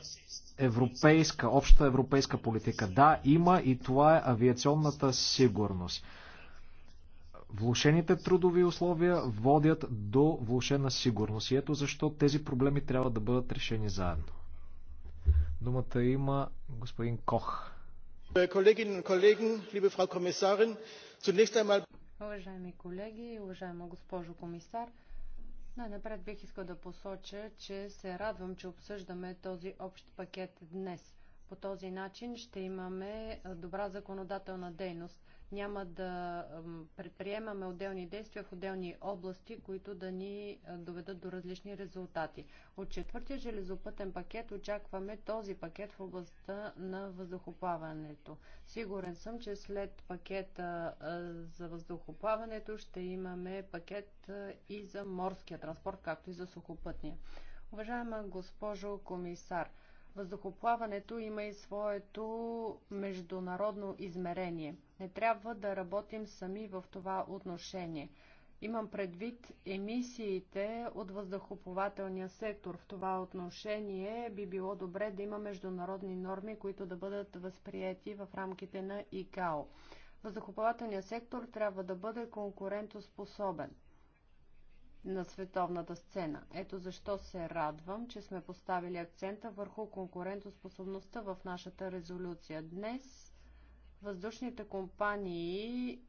европейска, обща европейска политика? Да, има и това е авиационната сигурност. Влушените трудови условия водят до влушена сигурност. И ето защо тези проблеми трябва да бъдат решени заедно. Думата има господин Кох. Колеги, колеги, либе фрау комисарин, Уважаеми колеги, уважаема госпожо комисар, най-напред бих искал да посоча, че се радвам, че обсъждаме този общ пакет днес. По този начин ще имаме добра законодателна дейност – няма да предприемаме отделни действия в отделни области, които да ни доведат до различни резултати. От четвъртия железопътен пакет очакваме този пакет в областта на въздухоплаването. Сигурен съм, че след пакета за въздухоплаването ще имаме пакет и за морския транспорт, както и за сухопътния. Уважаема госпожо комисар, Въздухоплаването има и своето международно измерение. Не трябва да работим сами в това отношение. Имам предвид емисиите от въздухоплавателния сектор. В това отношение би било добре да има международни норми, които да бъдат възприяти в рамките на ИКАО. Въздухоплавателният сектор трябва да бъде конкурентоспособен на световната сцена. Ето защо се радвам, че сме поставили акцента върху конкурентоспособността в нашата резолюция. Днес въздушните компании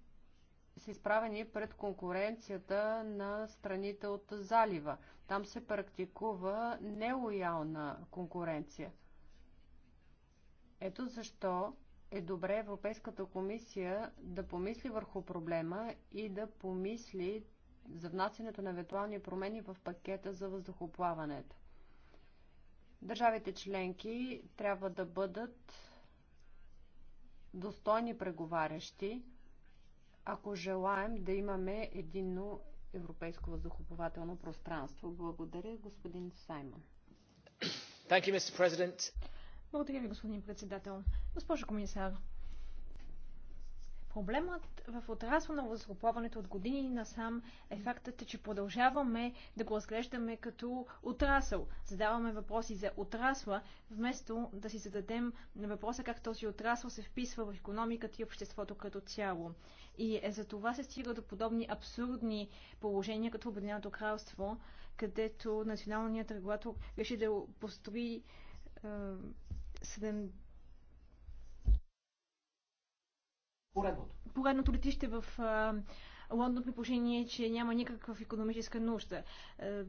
са изправени пред конкуренцията на страните от залива. Там се практикува нелоялна конкуренция. Ето защо е добре Европейската комисия да помисли върху проблема и да помисли за внасянето на евентуални промени в пакета за въздухоплаването. Държавите членки трябва да бъдат достойни преговарящи, ако желаем да имаме единно европейско въздухоплавателно пространство. Благодаря, господин Саймон. Thank you, Mr. President. Благодаря ви, господин председател. Госпожо комисар, Проблемът в отрасла на възроплаването от години насам е фактът, че продължаваме да го разглеждаме като отрасъл. Задаваме въпроси за отрасла, вместо да си зададем на въпроса как този отрасъл се вписва в економиката и обществото като цяло. И е за това се стига до подобни абсурдни положения, като Обединеното кралство, където националният регулатор реши да построи е, Поредното. Поредното летище в Лондон при положение, че няма никакъв економическа нужда. Е,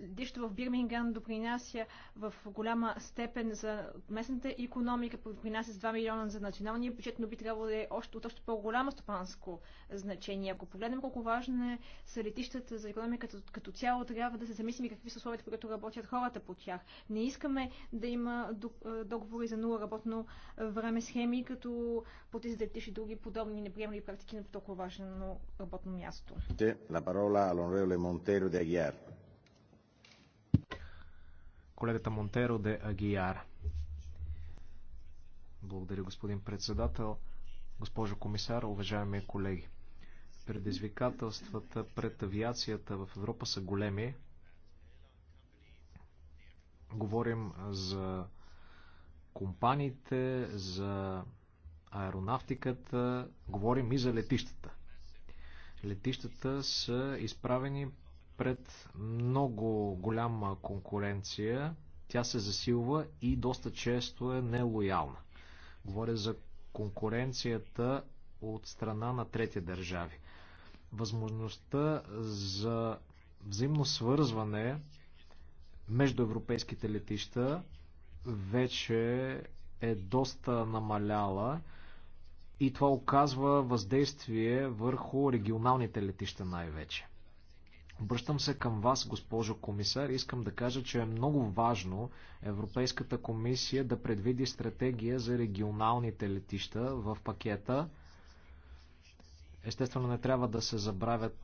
дещо в Бирминган допринася в голяма степен за местната економика, допринася с 2 милиона за националния бюджет, но би трябвало да е още, от още по-голямо стопанско значение. Ако погледнем колко важно е са летищата за економиката като, като цяло, трябва да се замислим какви са условията, по които работят хората по тях. Не искаме да има е, договори за нула работно време схеми, като по тези летищи и други подобни неприемливи практики на толкова важно работно място. La parola all'onorevole Montero de Aguiar. Колегата Монтеро де Агияр. Благодаря, господин председател. Госпожо комисар, уважаеми колеги. Предизвикателствата пред авиацията в Европа са големи. Говорим за компаниите, за аеронавтиката, говорим и за летищата. Летищата са изправени пред много голяма конкуренция. Тя се засилва и доста често е нелоялна. Говоря за конкуренцията от страна на трети държави. Възможността за взаимно свързване между европейските летища вече е доста намаляла и това оказва въздействие върху регионалните летища най-вече. Обръщам се към вас, госпожо комисар. Искам да кажа, че е много важно Европейската комисия да предвиди стратегия за регионалните летища в пакета. Естествено, не трябва да се забравят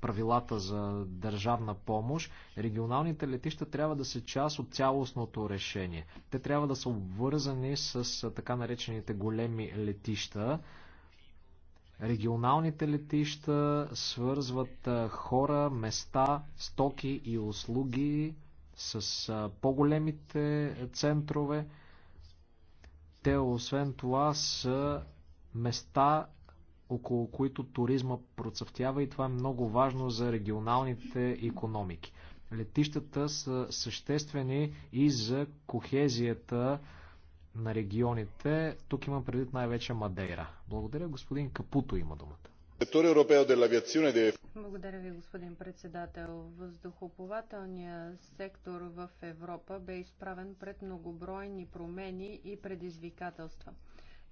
правилата за държавна помощ. Регионалните летища трябва да са част от цялостното решение. Те трябва да са обвързани с така наречените големи летища Регионалните летища свързват хора, места, стоки и услуги с по-големите центрове. Те, освен това, са места, около които туризма процъфтява и това е много важно за регионалните економики. Летищата са съществени и за кохезията на регионите. Тук имам предвид най-вече Мадейра. Благодаря, господин Капуто има думата. Благодаря ви, господин председател. Въздухоплавателният сектор в Европа бе изправен пред многобройни промени и предизвикателства –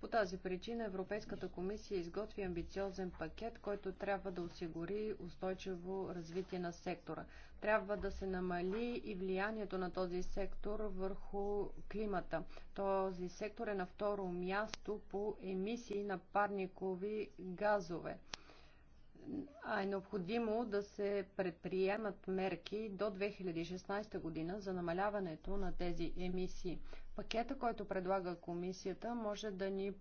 по тази причина Европейската комисия изготви амбициозен пакет, който трябва да осигури устойчиво развитие на сектора. Трябва да се намали и влиянието на този сектор върху климата. Този сектор е на второ място по емисии на парникови газове а е необходимо да се предприемат мерки до 2016 година за намаляването на тези емисии. Пакета, който предлага комисията, може да ни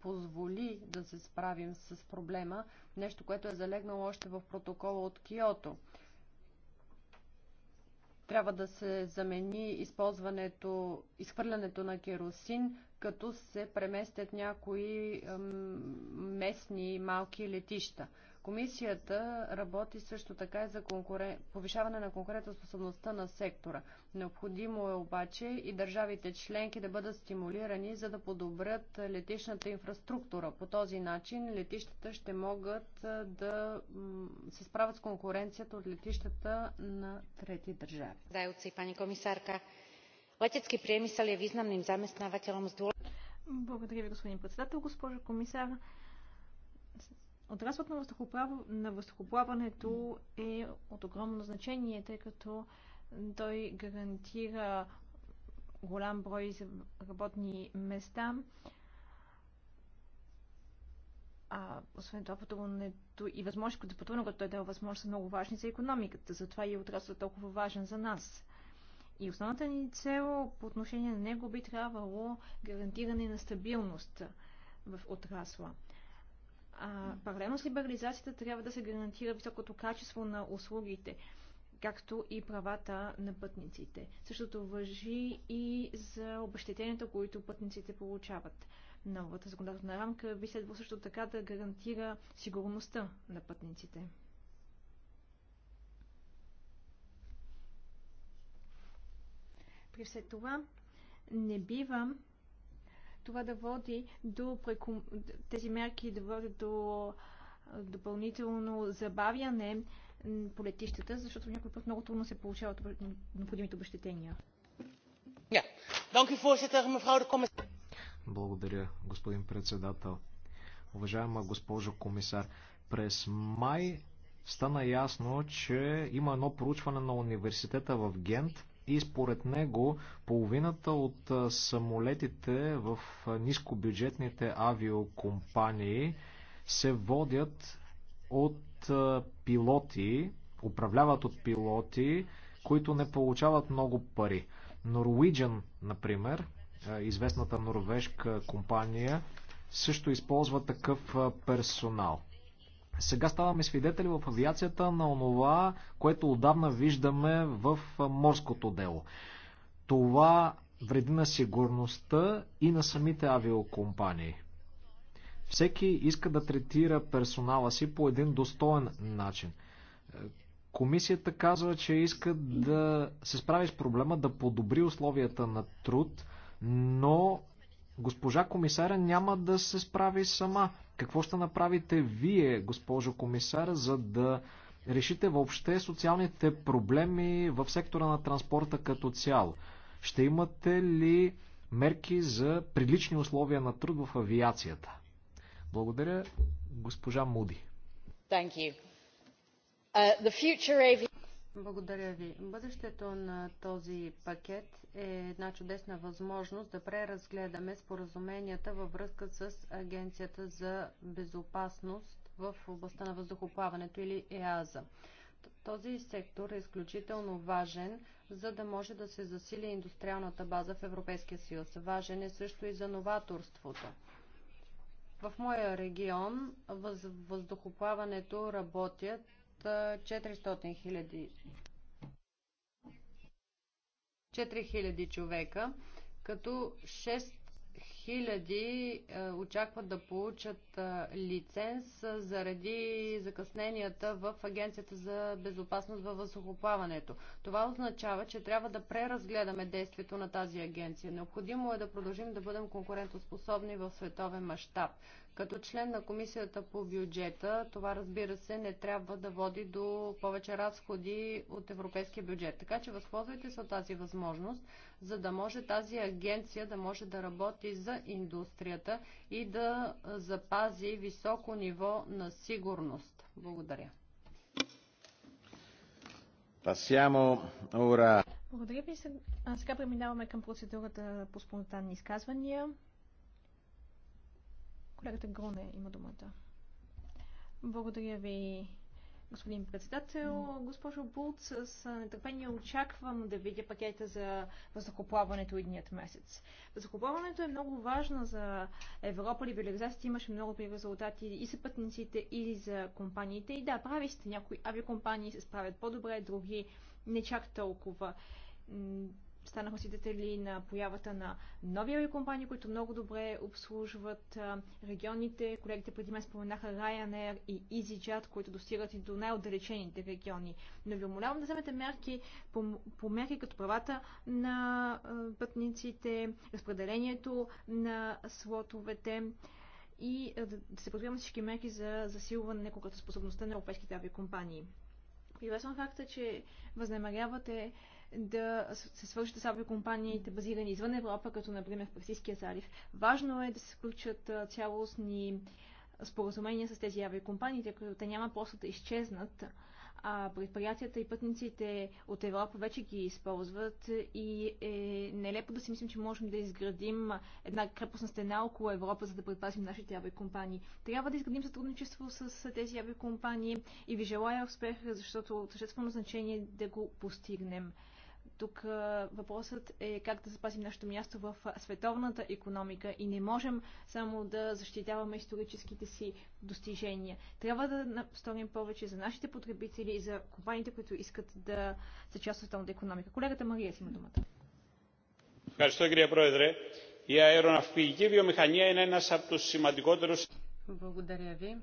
позволи да се справим с проблема, нещо, което е залегнало още в протокола от Киото. Трябва да се замени използването, изхвърлянето на керосин, като се преместят някои местни малки летища. Комисията работи също така и за конкурен... повишаване на конкурентоспособността на сектора. Необходимо е обаче и държавите членки да бъдат стимулирани, за да подобрят летищната инфраструктура. По този начин летищата ще могат да се справят с конкуренцията от летищата на трети държави. Дайуци, пани комисарка, летецки приемисъл е významným заместнавателем с Благодаря ви, господин председател, госпожо комисар. Отрасът на, въздухоплав... на въздухоплаването е от огромно значение, тъй като той гарантира голям брой работни места. А, освен това, пътуването и възможностите да пътуване, което той дава възможност, са много важни за економиката. Затова и отрасът е толкова важен за нас. И основната ни цел по отношение на него би трябвало гарантиране на стабилност в отрасла. А, паралелно с либерализацията трябва да се гарантира високото качество на услугите, както и правата на пътниците. Същото въжи и за обещетенията, които пътниците получават. Новата законодателна рамка би следвало също така да гарантира сигурността на пътниците. При все това не бива това да води до преком... тези мерки да водят до допълнително забавяне по летищата, защото някой път много трудно се получават необходимите обещетения. Благодаря, господин председател. Уважаема госпожо комисар, през май стана ясно, че има едно проучване на университета в Гент, и според него половината от самолетите в нискобюджетните авиокомпании се водят от пилоти, управляват от пилоти, които не получават много пари. Norwegian, например, известната норвежка компания, също използва такъв персонал. Сега ставаме свидетели в авиацията на онова, което отдавна виждаме в морското дело. Това вреди на сигурността и на самите авиокомпании. Всеки иска да третира персонала си по един достоен начин. Е, комисията казва, че иска да се справи с проблема, да подобри условията на труд, но госпожа комисаря няма да се справи сама. Какво ще направите вие, госпожо комисар, за да решите въобще социалните проблеми в сектора на транспорта като цяло? Ще имате ли мерки за прилични условия на труд в авиацията? Благодаря, госпожа Муди. Thank you. Uh, the future благодаря ви. Бъдещето на този пакет е една чудесна възможност да преразгледаме споразуменията във връзка с Агенцията за безопасност в областта на въздухоплаването или ЕАЗа. Този сектор е изключително важен, за да може да се засили индустриалната база в Европейския съюз. Важен е също и за новаторството. В моя регион въздухоплаването работят 400 хиляди 4000 човека, като 6000 е, очакват да получат е, лиценз заради закъсненията в Агенцията за безопасност във въздухоплаването. Това означава, че трябва да преразгледаме действието на тази агенция. Необходимо е да продължим да бъдем конкурентоспособни в световен мащаб. Като член на комисията по бюджета, това разбира се не трябва да води до повече разходи от европейския бюджет. Така че възползвайте се от тази възможност, за да може тази агенция да може да работи за индустрията и да запази високо ниво на сигурност. Благодаря. Пасямо, ура! Благодаря ви. А сега преминаваме към процедурата по спонтанни изказвания. Колегата Гроне има думата. Благодаря ви, господин председател. Госпожо Булт, с нетърпение очаквам да видя пакета за въздухоплаването едният месец. Въздухоплаването е много важно за Европа. Либерализацията имаше много при резултати и за пътниците, и за компаниите. И да, прави сте, някои авиакомпании се справят по-добре, други не чак толкова станахме свидетели на появата на нови авиокомпании, които много добре обслужват регионите. Колегите преди мен споменаха Ryanair и EasyJet, които достигат и до най-отдалечените региони. Но ви умолявам да вземете мерки по, по мерки като правата на пътниците, разпределението на слотовете и да се предприемат всички мерки за засилване на способността на европейските авиокомпании. Приветствам факта, че възнамерявате да се свържат с авиокомпаниите, базирани извън Европа, като например в Персийския залив. Важно е да се сключат цялостни споразумения с тези авиокомпании, тъй като те няма просто да изчезнат, а предприятията и пътниците от Европа вече ги използват и е нелепо да си мислим, че можем да изградим една крепостна стена около Европа, за да предпазим нашите авиокомпании. Трябва да изградим сътрудничество с тези авиакомпании и ви желая успех, защото съществено значение е да го постигнем. Тук въпросът е как да запазим нашето място в световната економика и не можем само да защитяваме историческите си достижения. Трябва да сторим повече за нашите потребители и за компаниите, които искат да са част от световната економика. Колегата Мария си има думата. Благодаря ви.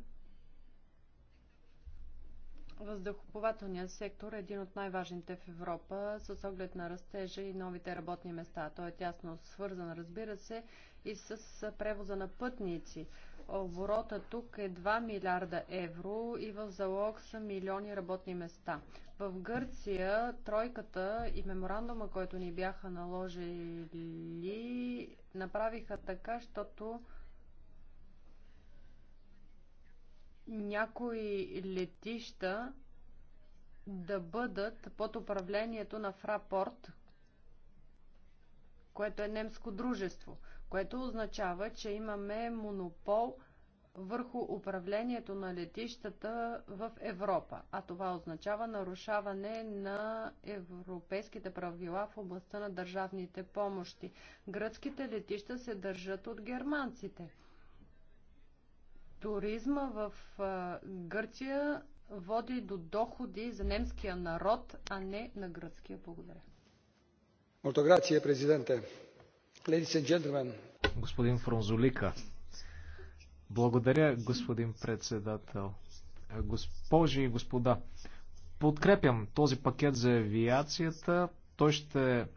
Въздухоплавателният сектор е един от най-важните в Европа с оглед на растежа и новите работни места. Той е тясно свързан, разбира се, и с превоза на пътници. Оборота тук е 2 милиарда евро и в залог са милиони работни места. В Гърция тройката и меморандума, който ни бяха наложили, направиха така, защото някои летища да бъдат под управлението на Фрапорт, което е немско дружество, което означава, че имаме монопол върху управлението на летищата в Европа, а това означава нарушаване на европейските правила в областта на държавните помощи. Гръцките летища се държат от германците – туризма в Гърция води до доходи за немския народ, а не на гръцкия. Благодаря. Molto грация, президенте. Ladies and gentlemen. Господин Фронзолика. Благодаря, господин председател. Госпожи и господа, подкрепям този пакет за авиацията. Той ще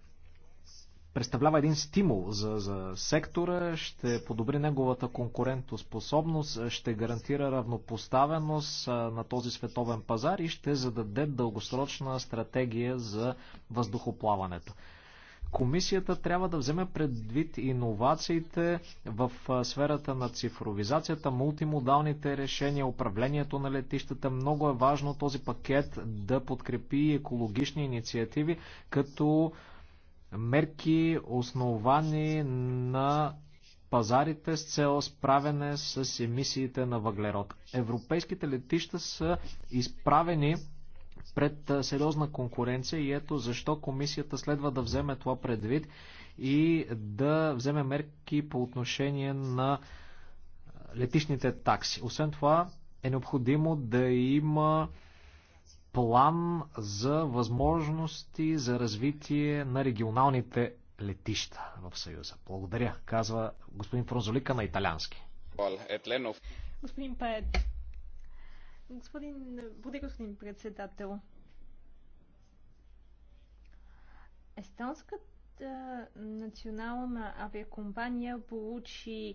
представлява един стимул за, за сектора, ще подобри неговата конкурентоспособност, ще гарантира равнопоставеност на този световен пазар и ще зададе дългосрочна стратегия за въздухоплаването. Комисията трябва да вземе предвид иновациите в сферата на цифровизацията, мултимодалните решения, управлението на летищата. Много е важно този пакет да подкрепи екологични инициативи, като мерки, основани на пазарите с цел справяне с емисиите на въглерод. Европейските летища са изправени пред сериозна конкуренция и ето защо комисията следва да вземе това предвид и да вземе мерки по отношение на летишните такси. Освен това е необходимо да има план за възможности за развитие на регионалните летища в Съюза. Благодаря, казва господин Фронзолика на италянски. Господин Пает, господин, бъде господин председател, естонската национална авиакомпания получи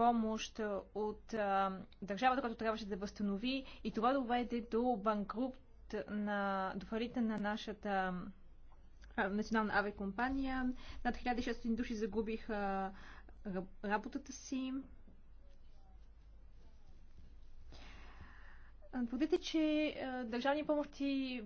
помощ от а, държавата, която трябваше да възстанови и това доведе до банкрупт на, до фалита на нашата а, национална авиакомпания. Над 1600 души загубиха работата си. Твърдите, че е, държавни помощи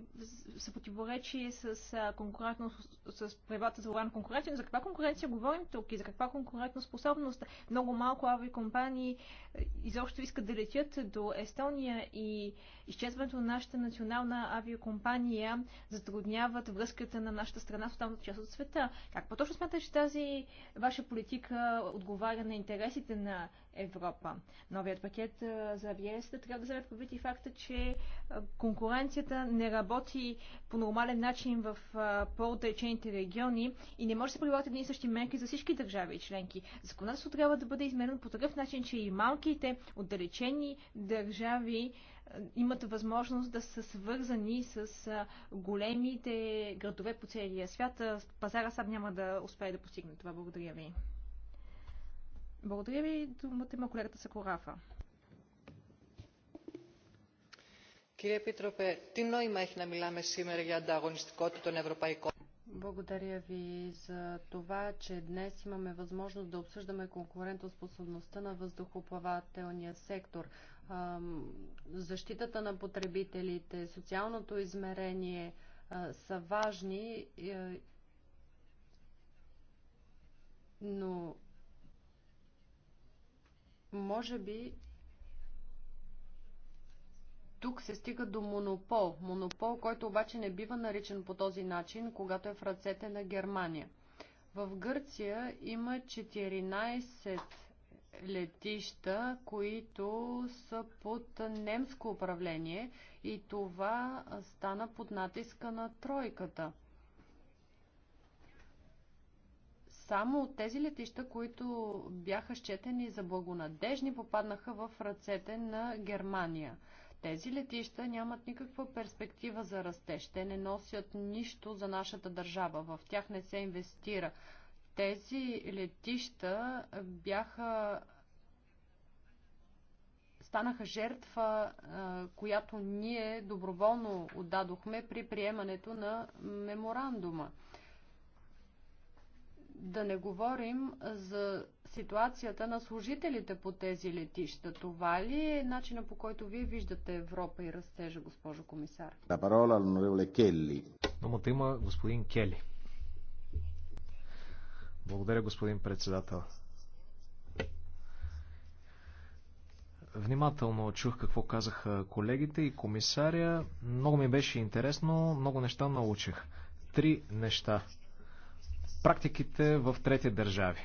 са противоречие с, е, конкурентност, с правилата за лоялна конкуренция, но за каква конкуренция говорим тук и за каква конкурентна способност? Много малко авиакомпании е, изобщо искат да летят до Естония и изчезването на нашата национална авиакомпания затрудняват връзката на нашата страна с останалата част от света. Как по-точно смяташ, че тази ваша политика отговаря на интересите на Европа. Новият пакет за авиацията трябва да вземе предвид и факта, че конкуренцията не работи по нормален начин в по-отдалечените региони и не може да се прилагат едни и същи мерки за всички държави и членки. Законодателството трябва да бъде изменено по такъв начин, че и малките отдалечени държави имат възможност да са свързани с големите градове по целия свят. Пазара сам няма да успее да постигне това. Благодаря ви. Благодаря ви. Думата има колегата Сакорафа. Κύριε Επίτροπε, τι νόημα έχει να μιλάμε σήμερα για ανταγωνιστικότητα των ευρωπαϊκών. Благодаря ви за това, че днес имаме възможност да обсъждаме конкурентоспособността на въздухоплавателния сектор, защитата на потребителите, социалното измерение са важни, е, но може би тук се стига до монопол. Монопол, който обаче не бива наричан по този начин, когато е в ръцете на Германия. В Гърция има 14 летища, които са под немско управление и това стана под натиска на тройката – Само от тези летища, които бяха счетени за благонадежни, попаднаха в ръцете на Германия. Тези летища нямат никаква перспектива за растеж. Те не носят нищо за нашата държава. В тях не се инвестира. Тези летища бяха станаха жертва, която ние доброволно отдадохме при приемането на меморандума. Да не говорим за ситуацията на служителите по тези летища. Това ли е начина по който вие виждате Европа и растежа, госпожо комисар? Да, парола, лоноревле Келли. Думата има господин Кели. Благодаря, господин председател. Внимателно чух какво казаха колегите и комисаря. Много ми беше интересно, много неща научих. Три неща практиките в трети държави.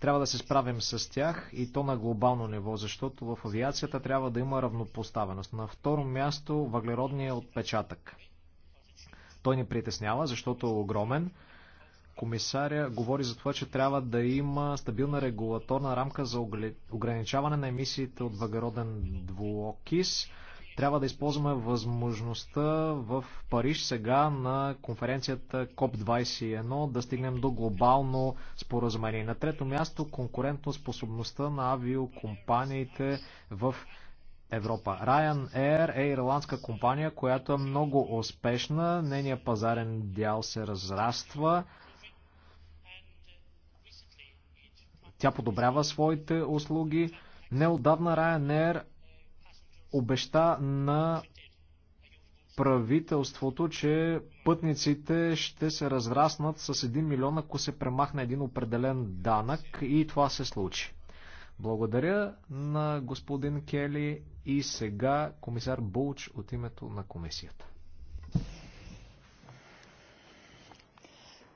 Трябва да се справим с тях и то на глобално ниво, защото в авиацията трябва да има равнопоставеност. На второ място въглеродния отпечатък. Той ни притеснява, защото е огромен. Комисаря говори за това, че трябва да има стабилна регулаторна рамка за ограничаване на емисиите от въглероден двуокис трябва да използваме възможността в Париж сега на конференцията COP21 да стигнем до глобално споразумение. На трето място конкурентно способността на авиокомпаниите в Европа. Ryanair е ирландска компания, която е много успешна. Нения пазарен дял се разраства. Тя подобрява своите услуги. Неодавна Ryanair обеща на правителството, че пътниците ще се разраснат с 1 милион, ако се премахне един определен данък и това се случи. Благодаря на господин Кели и сега комисар Булч от името на комисията.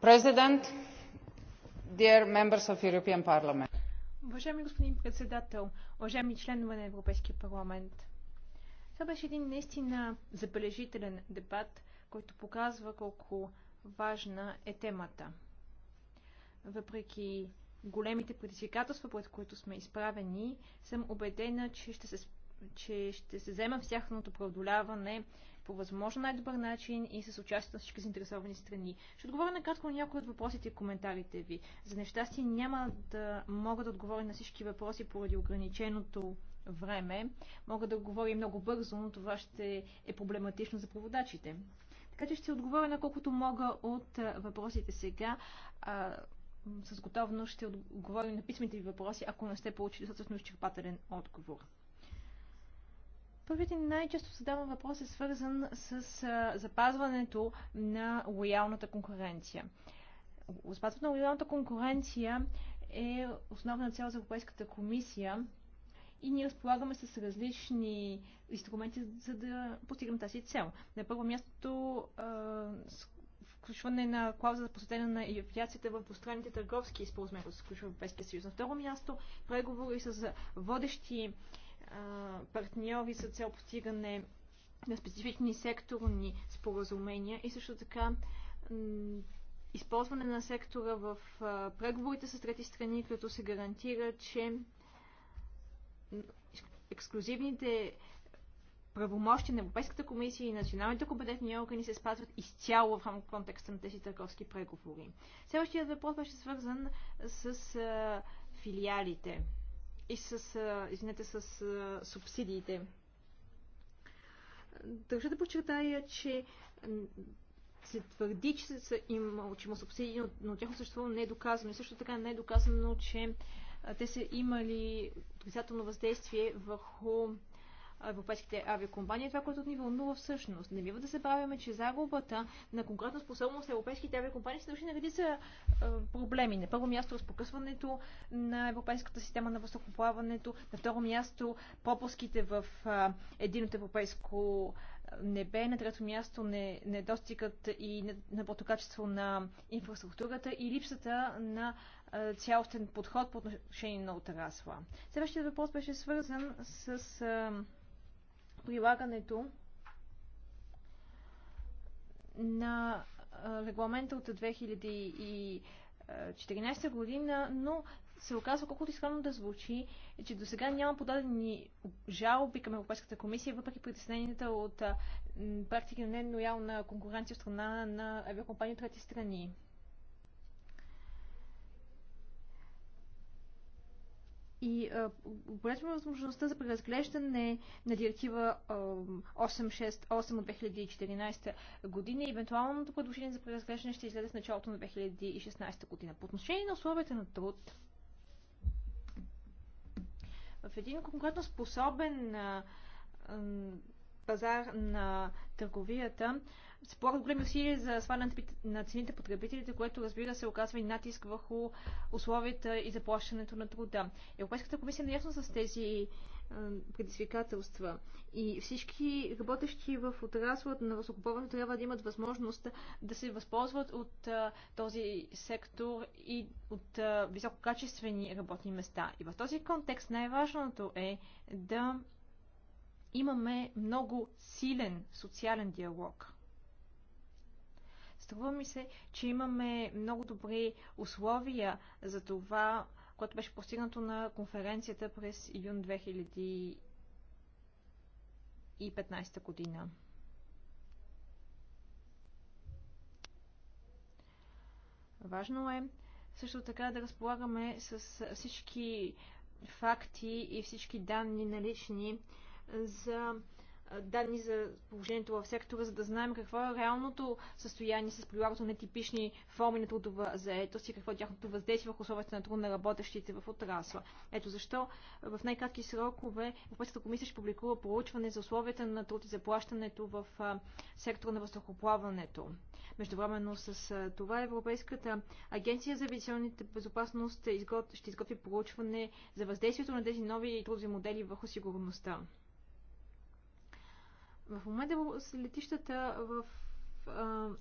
Президент, dear members of European Parliament. Уважаеми господин председател, уважаеми членове на Европейския парламент, това беше един наистина забележителен дебат, който показва колко важна е темата. Въпреки големите предизвикателства, пред които сме изправени, съм убедена, че ще се, че ще се взема всяхното преодоляване по възможно най-добър начин и с участието на всички заинтересовани страни. Ще отговоря накратко на някои от въпросите и коментарите ви. За нещастие няма да мога да отговоря на всички въпроси поради ограниченото време. Мога да говоря много бързо, но това ще е проблематично за проводачите. Така че ще отговоря на колкото мога от въпросите сега. с готовност ще отговоря на писмените ви въпроси, ако не сте получили достатъчно изчерпателен отговор. Първият най-често задаван въпрос е свързан с а, запазването на лоялната конкуренция. Запазването на лоялната конкуренция е основна цел за Европейската комисия и ние разполагаме с различни инструменти, за да постигнем тази цел. На първо място включване на клауза за посветена на инфляцията в двустранните търговски споразумения, които се включва в Европейския съюз. На второ място преговори с водещи партньори за цел постигане на специфични секторни споразумения и също така използване на сектора в преговорите с трети страни, като се гарантира, че ексклюзивните правомощи на Европейската комисия и националните компетентни органи се спазват изцяло в контекста на тези търговски преговори. Следващият въпрос беше свързан с а, филиалите и с, а, извинете, с а, субсидиите. Държа да подчертая, че се твърди, че, са има, че има субсидии, но, но тяхно съществуване не е доказано. И също така не е доказано, че те са имали отрицателно въздействие върху европейските авиакомпании. Това, което ни вълнува всъщност. Не бива да забравяме, че загубата на конкретна способност на европейските авиакомпании се дължи на редица проблеми. На първо място разпокъсването на европейската система на въздухоплаването, на второ място пропуските в от европейско не бе на трето място не, недостигът и неплътно качество на инфраструктурата и липсата на цялостен подход по отношение на отрасла. Следващият въпрос беше свързан с а, прилагането на регламента от 2014 година, но се оказва, колкото изхранно да звучи, е, че до сега няма подадени жалби към Европейската комисия, въпреки притесненията от практики на нелоялна конкуренция от страна на авиакомпании от трети страни. И полезно възможността за преразглеждане на директива 868 от 2014 година и евентуалното предложение за преразглеждане ще излезе в началото на 2016 година. По отношение на условията на труд, в един конкретно способен пазар на търговията се полагат големи усилия за сваляне на цените потребителите, което разбира се оказва и натиск върху условията и заплащането на труда. Европейската комисия е наясно с тези предизвикателства. И всички работещи в отрасла на възокупаването трябва да имат възможност да се възползват от а, този сектор и от а, висококачествени работни места. И в този контекст най-важното е да имаме много силен социален диалог. Струва ми се, че имаме много добри условия за това което беше постигнато на конференцията през юн 2015 година. Важно е също така да разполагаме с всички факти и всички данни налични за данни за положението в сектора, за да знаем какво е реалното състояние с прилагането на типични форми на трудова заетост и какво е тяхното въздействие върху условията на труд на работещите в отрасла. Ето защо в най-кратки срокове Европейската комисия ще публикува проучване за условията на труд и заплащането в сектора на въздухоплаването. Междувременно с това Европейската агенция за авиационните безопасност е ще изготви проучване за въздействието на тези нови трудови модели върху сигурността. В момента с летищата в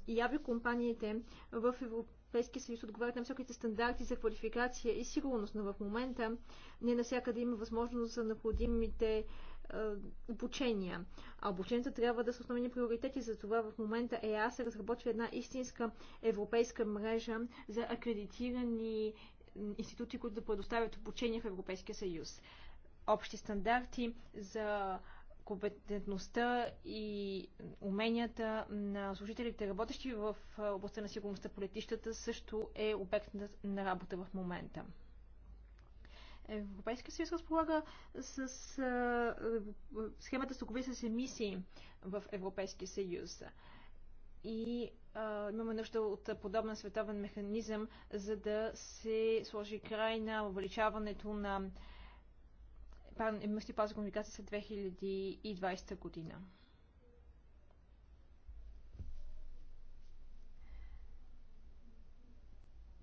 и компаниите в Европейския съюз отговарят на високите стандарти за квалификация и сигурност, но в момента не навсякъде има възможност за необходимите обучения. А обученията трябва да са основни приоритети, за това в момента ЕАС разработва една истинска европейска мрежа за акредитирани институти, които да предоставят обучение в Европейския съюз. Общи стандарти за компетентността и уменията на служителите, работещи в областта на сигурността по летищата, също е обект на работа в момента. Европейския съюз разполага с а, схемата с окови с емисии в Европейския съюз. И а, имаме нужда от подобен световен механизъм, за да се сложи край на увеличаването на мръсни паза комуникация след 2020 година.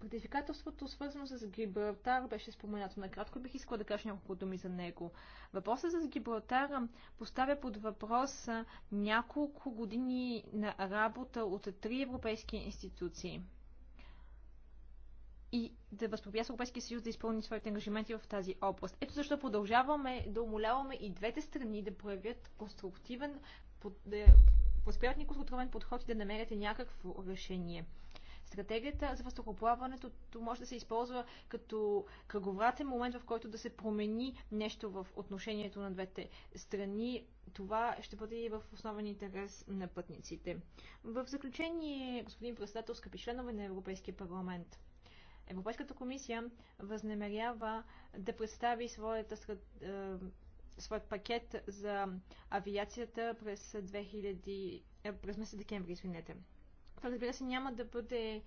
Предизвикателството, свързано с Гибралтар, беше споменато. Накратко бих искала да кажа няколко думи за него. Въпросът с Гибралтар поставя под въпрос няколко години на работа от три европейски институции – и да възпрепятства Европейския съюз да изпълни своите ангажименти в тази област. Ето защо продължаваме да умоляваме и двете страни да проявят конструктивен, да възприемат конструктивен подход и да намерят някакво решение. Стратегията за въздухоплаването може да се използва като кръговратен момент, в който да се промени нещо в отношението на двете страни. Това ще бъде и в основен интерес на пътниците. В заключение, господин председател, скъпи членове на Европейския парламент, Европейската комисия възнамерява да представи своята е, своят пакет за авиацията през 2000, е, през месец декември, извинете. Това разбира се няма да бъде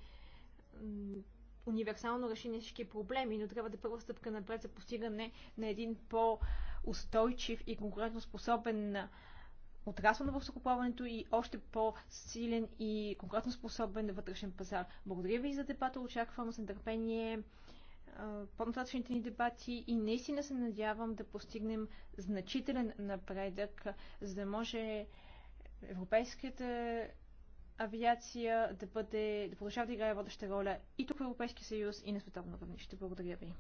универсално решение всички проблеми, но трябва да е първа стъпка напред за постигане на един по-устойчив и конкурентоспособен способен отрасъл на въздухоплаването и още по-силен и конкретно способен вътрешен пазар. Благодаря ви за дебата, очаквам с нетърпение по-нататъчните ни дебати и наистина се надявам да постигнем значителен напредък, за да може европейската авиация да бъде, да продължава да играе водеща роля и тук в Европейския съюз и на световно равнище. Благодаря ви.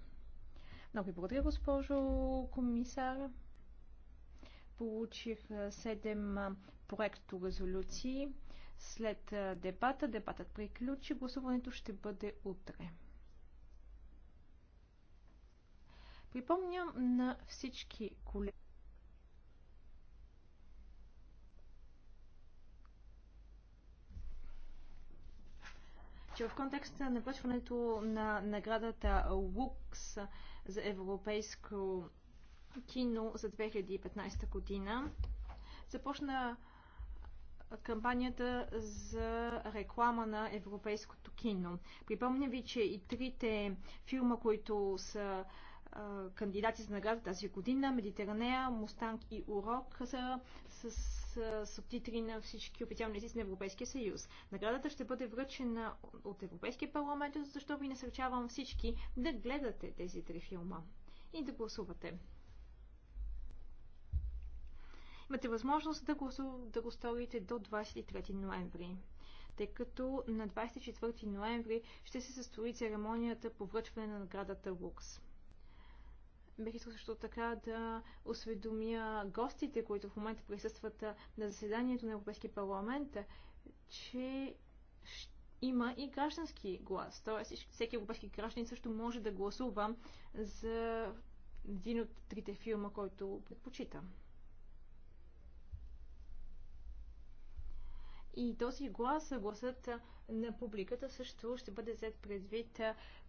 Много ви благодаря, госпожо комисар. Получих 7 проекто резолюции. След дебата, дебатът приключи, гласуването ще бъде утре. Припомням на всички колеги, че в контекста на връчването на наградата Лукс за европейско кино за 2015 година. Започна кампанията за реклама на европейското кино. Припомня ви, че и трите филма, които са а, кандидати за награда тази година, Медитеранея, Мустанг и Урок, са с, с субтитри на всички официални езици на Европейския съюз. Наградата ще бъде връчена от Европейския парламент, защото ви насърчавам всички да гледате тези три филма и да гласувате. Имате възможност да го, да го сторите до 23 ноември тъй като на 24 ноември ще се състои церемонията по връчване на наградата Лукс. Бих искал също така да осведомя гостите, които в момента присъстват на заседанието на Европейския парламент, че има и граждански глас. Т.е. всеки европейски гражданин също може да гласува за един от трите филма, който предпочита. И този глас, гласът на публиката също ще бъде взет предвид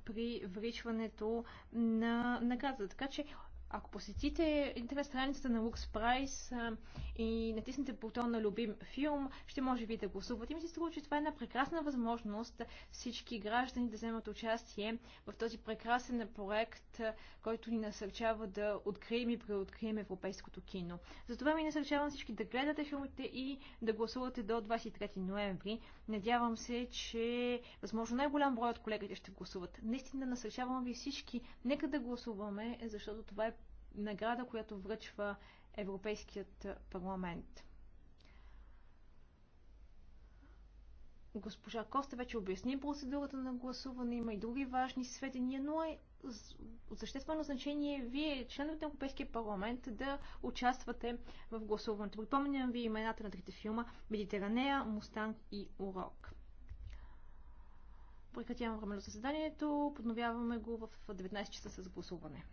при вричването на наказа. Така че ако посетите интернет страницата на Lux Price и натиснете бутона Любим филм, ще може ви да гласувате. И ми се струва, че това е една прекрасна възможност всички граждани да вземат участие в този прекрасен проект, който ни насърчава да открием и преоткрием европейското кино. Затова ми е насърчавам всички да гледате филмите и да гласувате до 23 ноември. Надявам се, че възможно най-голям брой от колегите ще гласуват. Наистина насърчавам ви всички, нека да гласуваме, защото това е награда, която връчва Европейският парламент. Госпожа Коста вече обясни процедурата на гласуване, има и други важни сведения, но е от съществено значение вие, членовете на Европейския парламент, да участвате в гласуването. Припомням ви имената на трите филма Медитеранея, Мустанг и Урок. Прекратявам времето заседанието. Подновяваме го в 19 часа с гласуване.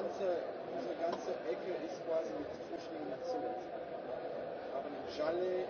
ganze, diese ganze Ecke ist quasi mit Flüchtlingen erzählt. Wir haben in Jalle,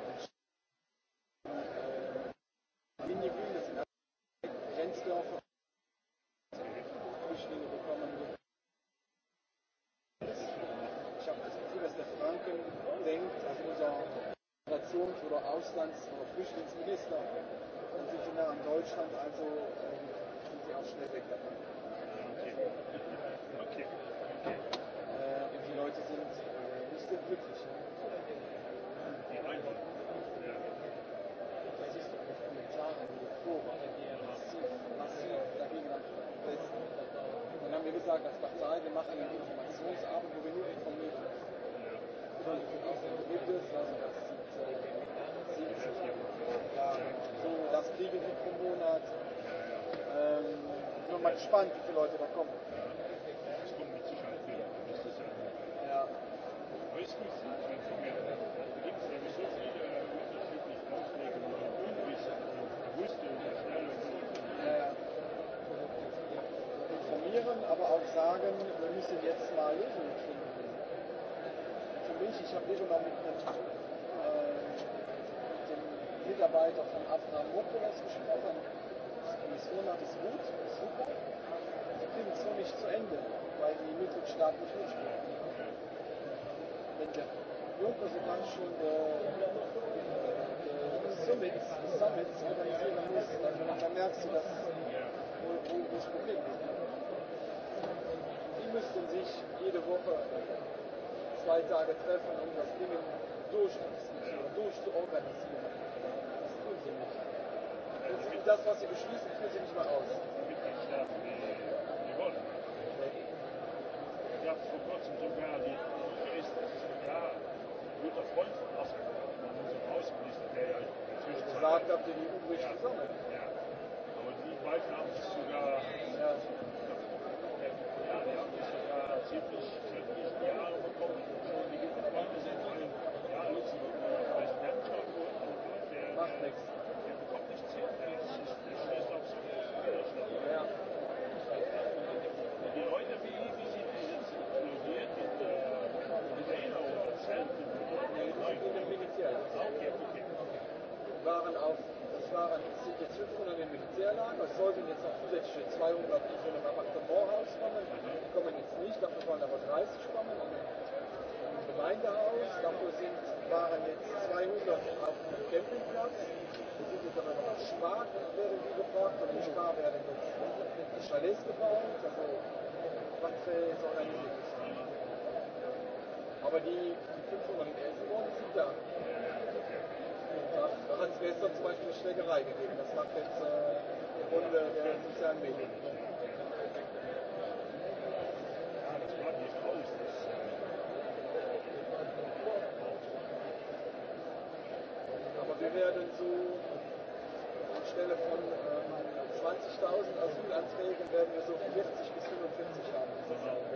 gespannt, wie viele Leute da kommen. Es kommen mit Sicherheit viele. Das ist ja. so unwissen und Ja, ja. Informieren, aber auch sagen, wir müssen jetzt mal Lösungen finden. Für mich, ich habe schon mal mit einem Mitarbeiter von Abraham Mokolas gesprochen. Die hat ist gut, super ziemlich nicht zu Ende, weil die Mitgliedstaaten nicht mitspielen. Wenn der Juncker sogar schon Summits, Summits organisieren muss, dann merkst du, dass wohl ein großes Problem ist. Die müssten sich jede Woche zwei Tage treffen, um das Ding durchzuziehen, durchzuorganisieren. Das tun sie nicht. das, was sie beschließen, führen sie nicht mal aus. Ich habe sogar die Minister, ja, Gesagt hat, die EU bricht zusammen. Dafür waren aber 30 Spannen im Gemeindehaus. dafür sind, waren jetzt 200 auf dem Campingplatz. Wir sind jetzt aber noch auf Spar, werden die gefragt. Und die Spar werden jetzt die Chalets gebaut. Also, was äh, ist Aber die, die 500 in Elsenborn sind da. Da hat es gestern zum Beispiel eine Schlägerei gegeben. Das macht jetzt äh, eine Runde der sozialen Medien. dazu anstelle von äh, 20.000 Asylanträgen werden wir so 40 bis 45 haben.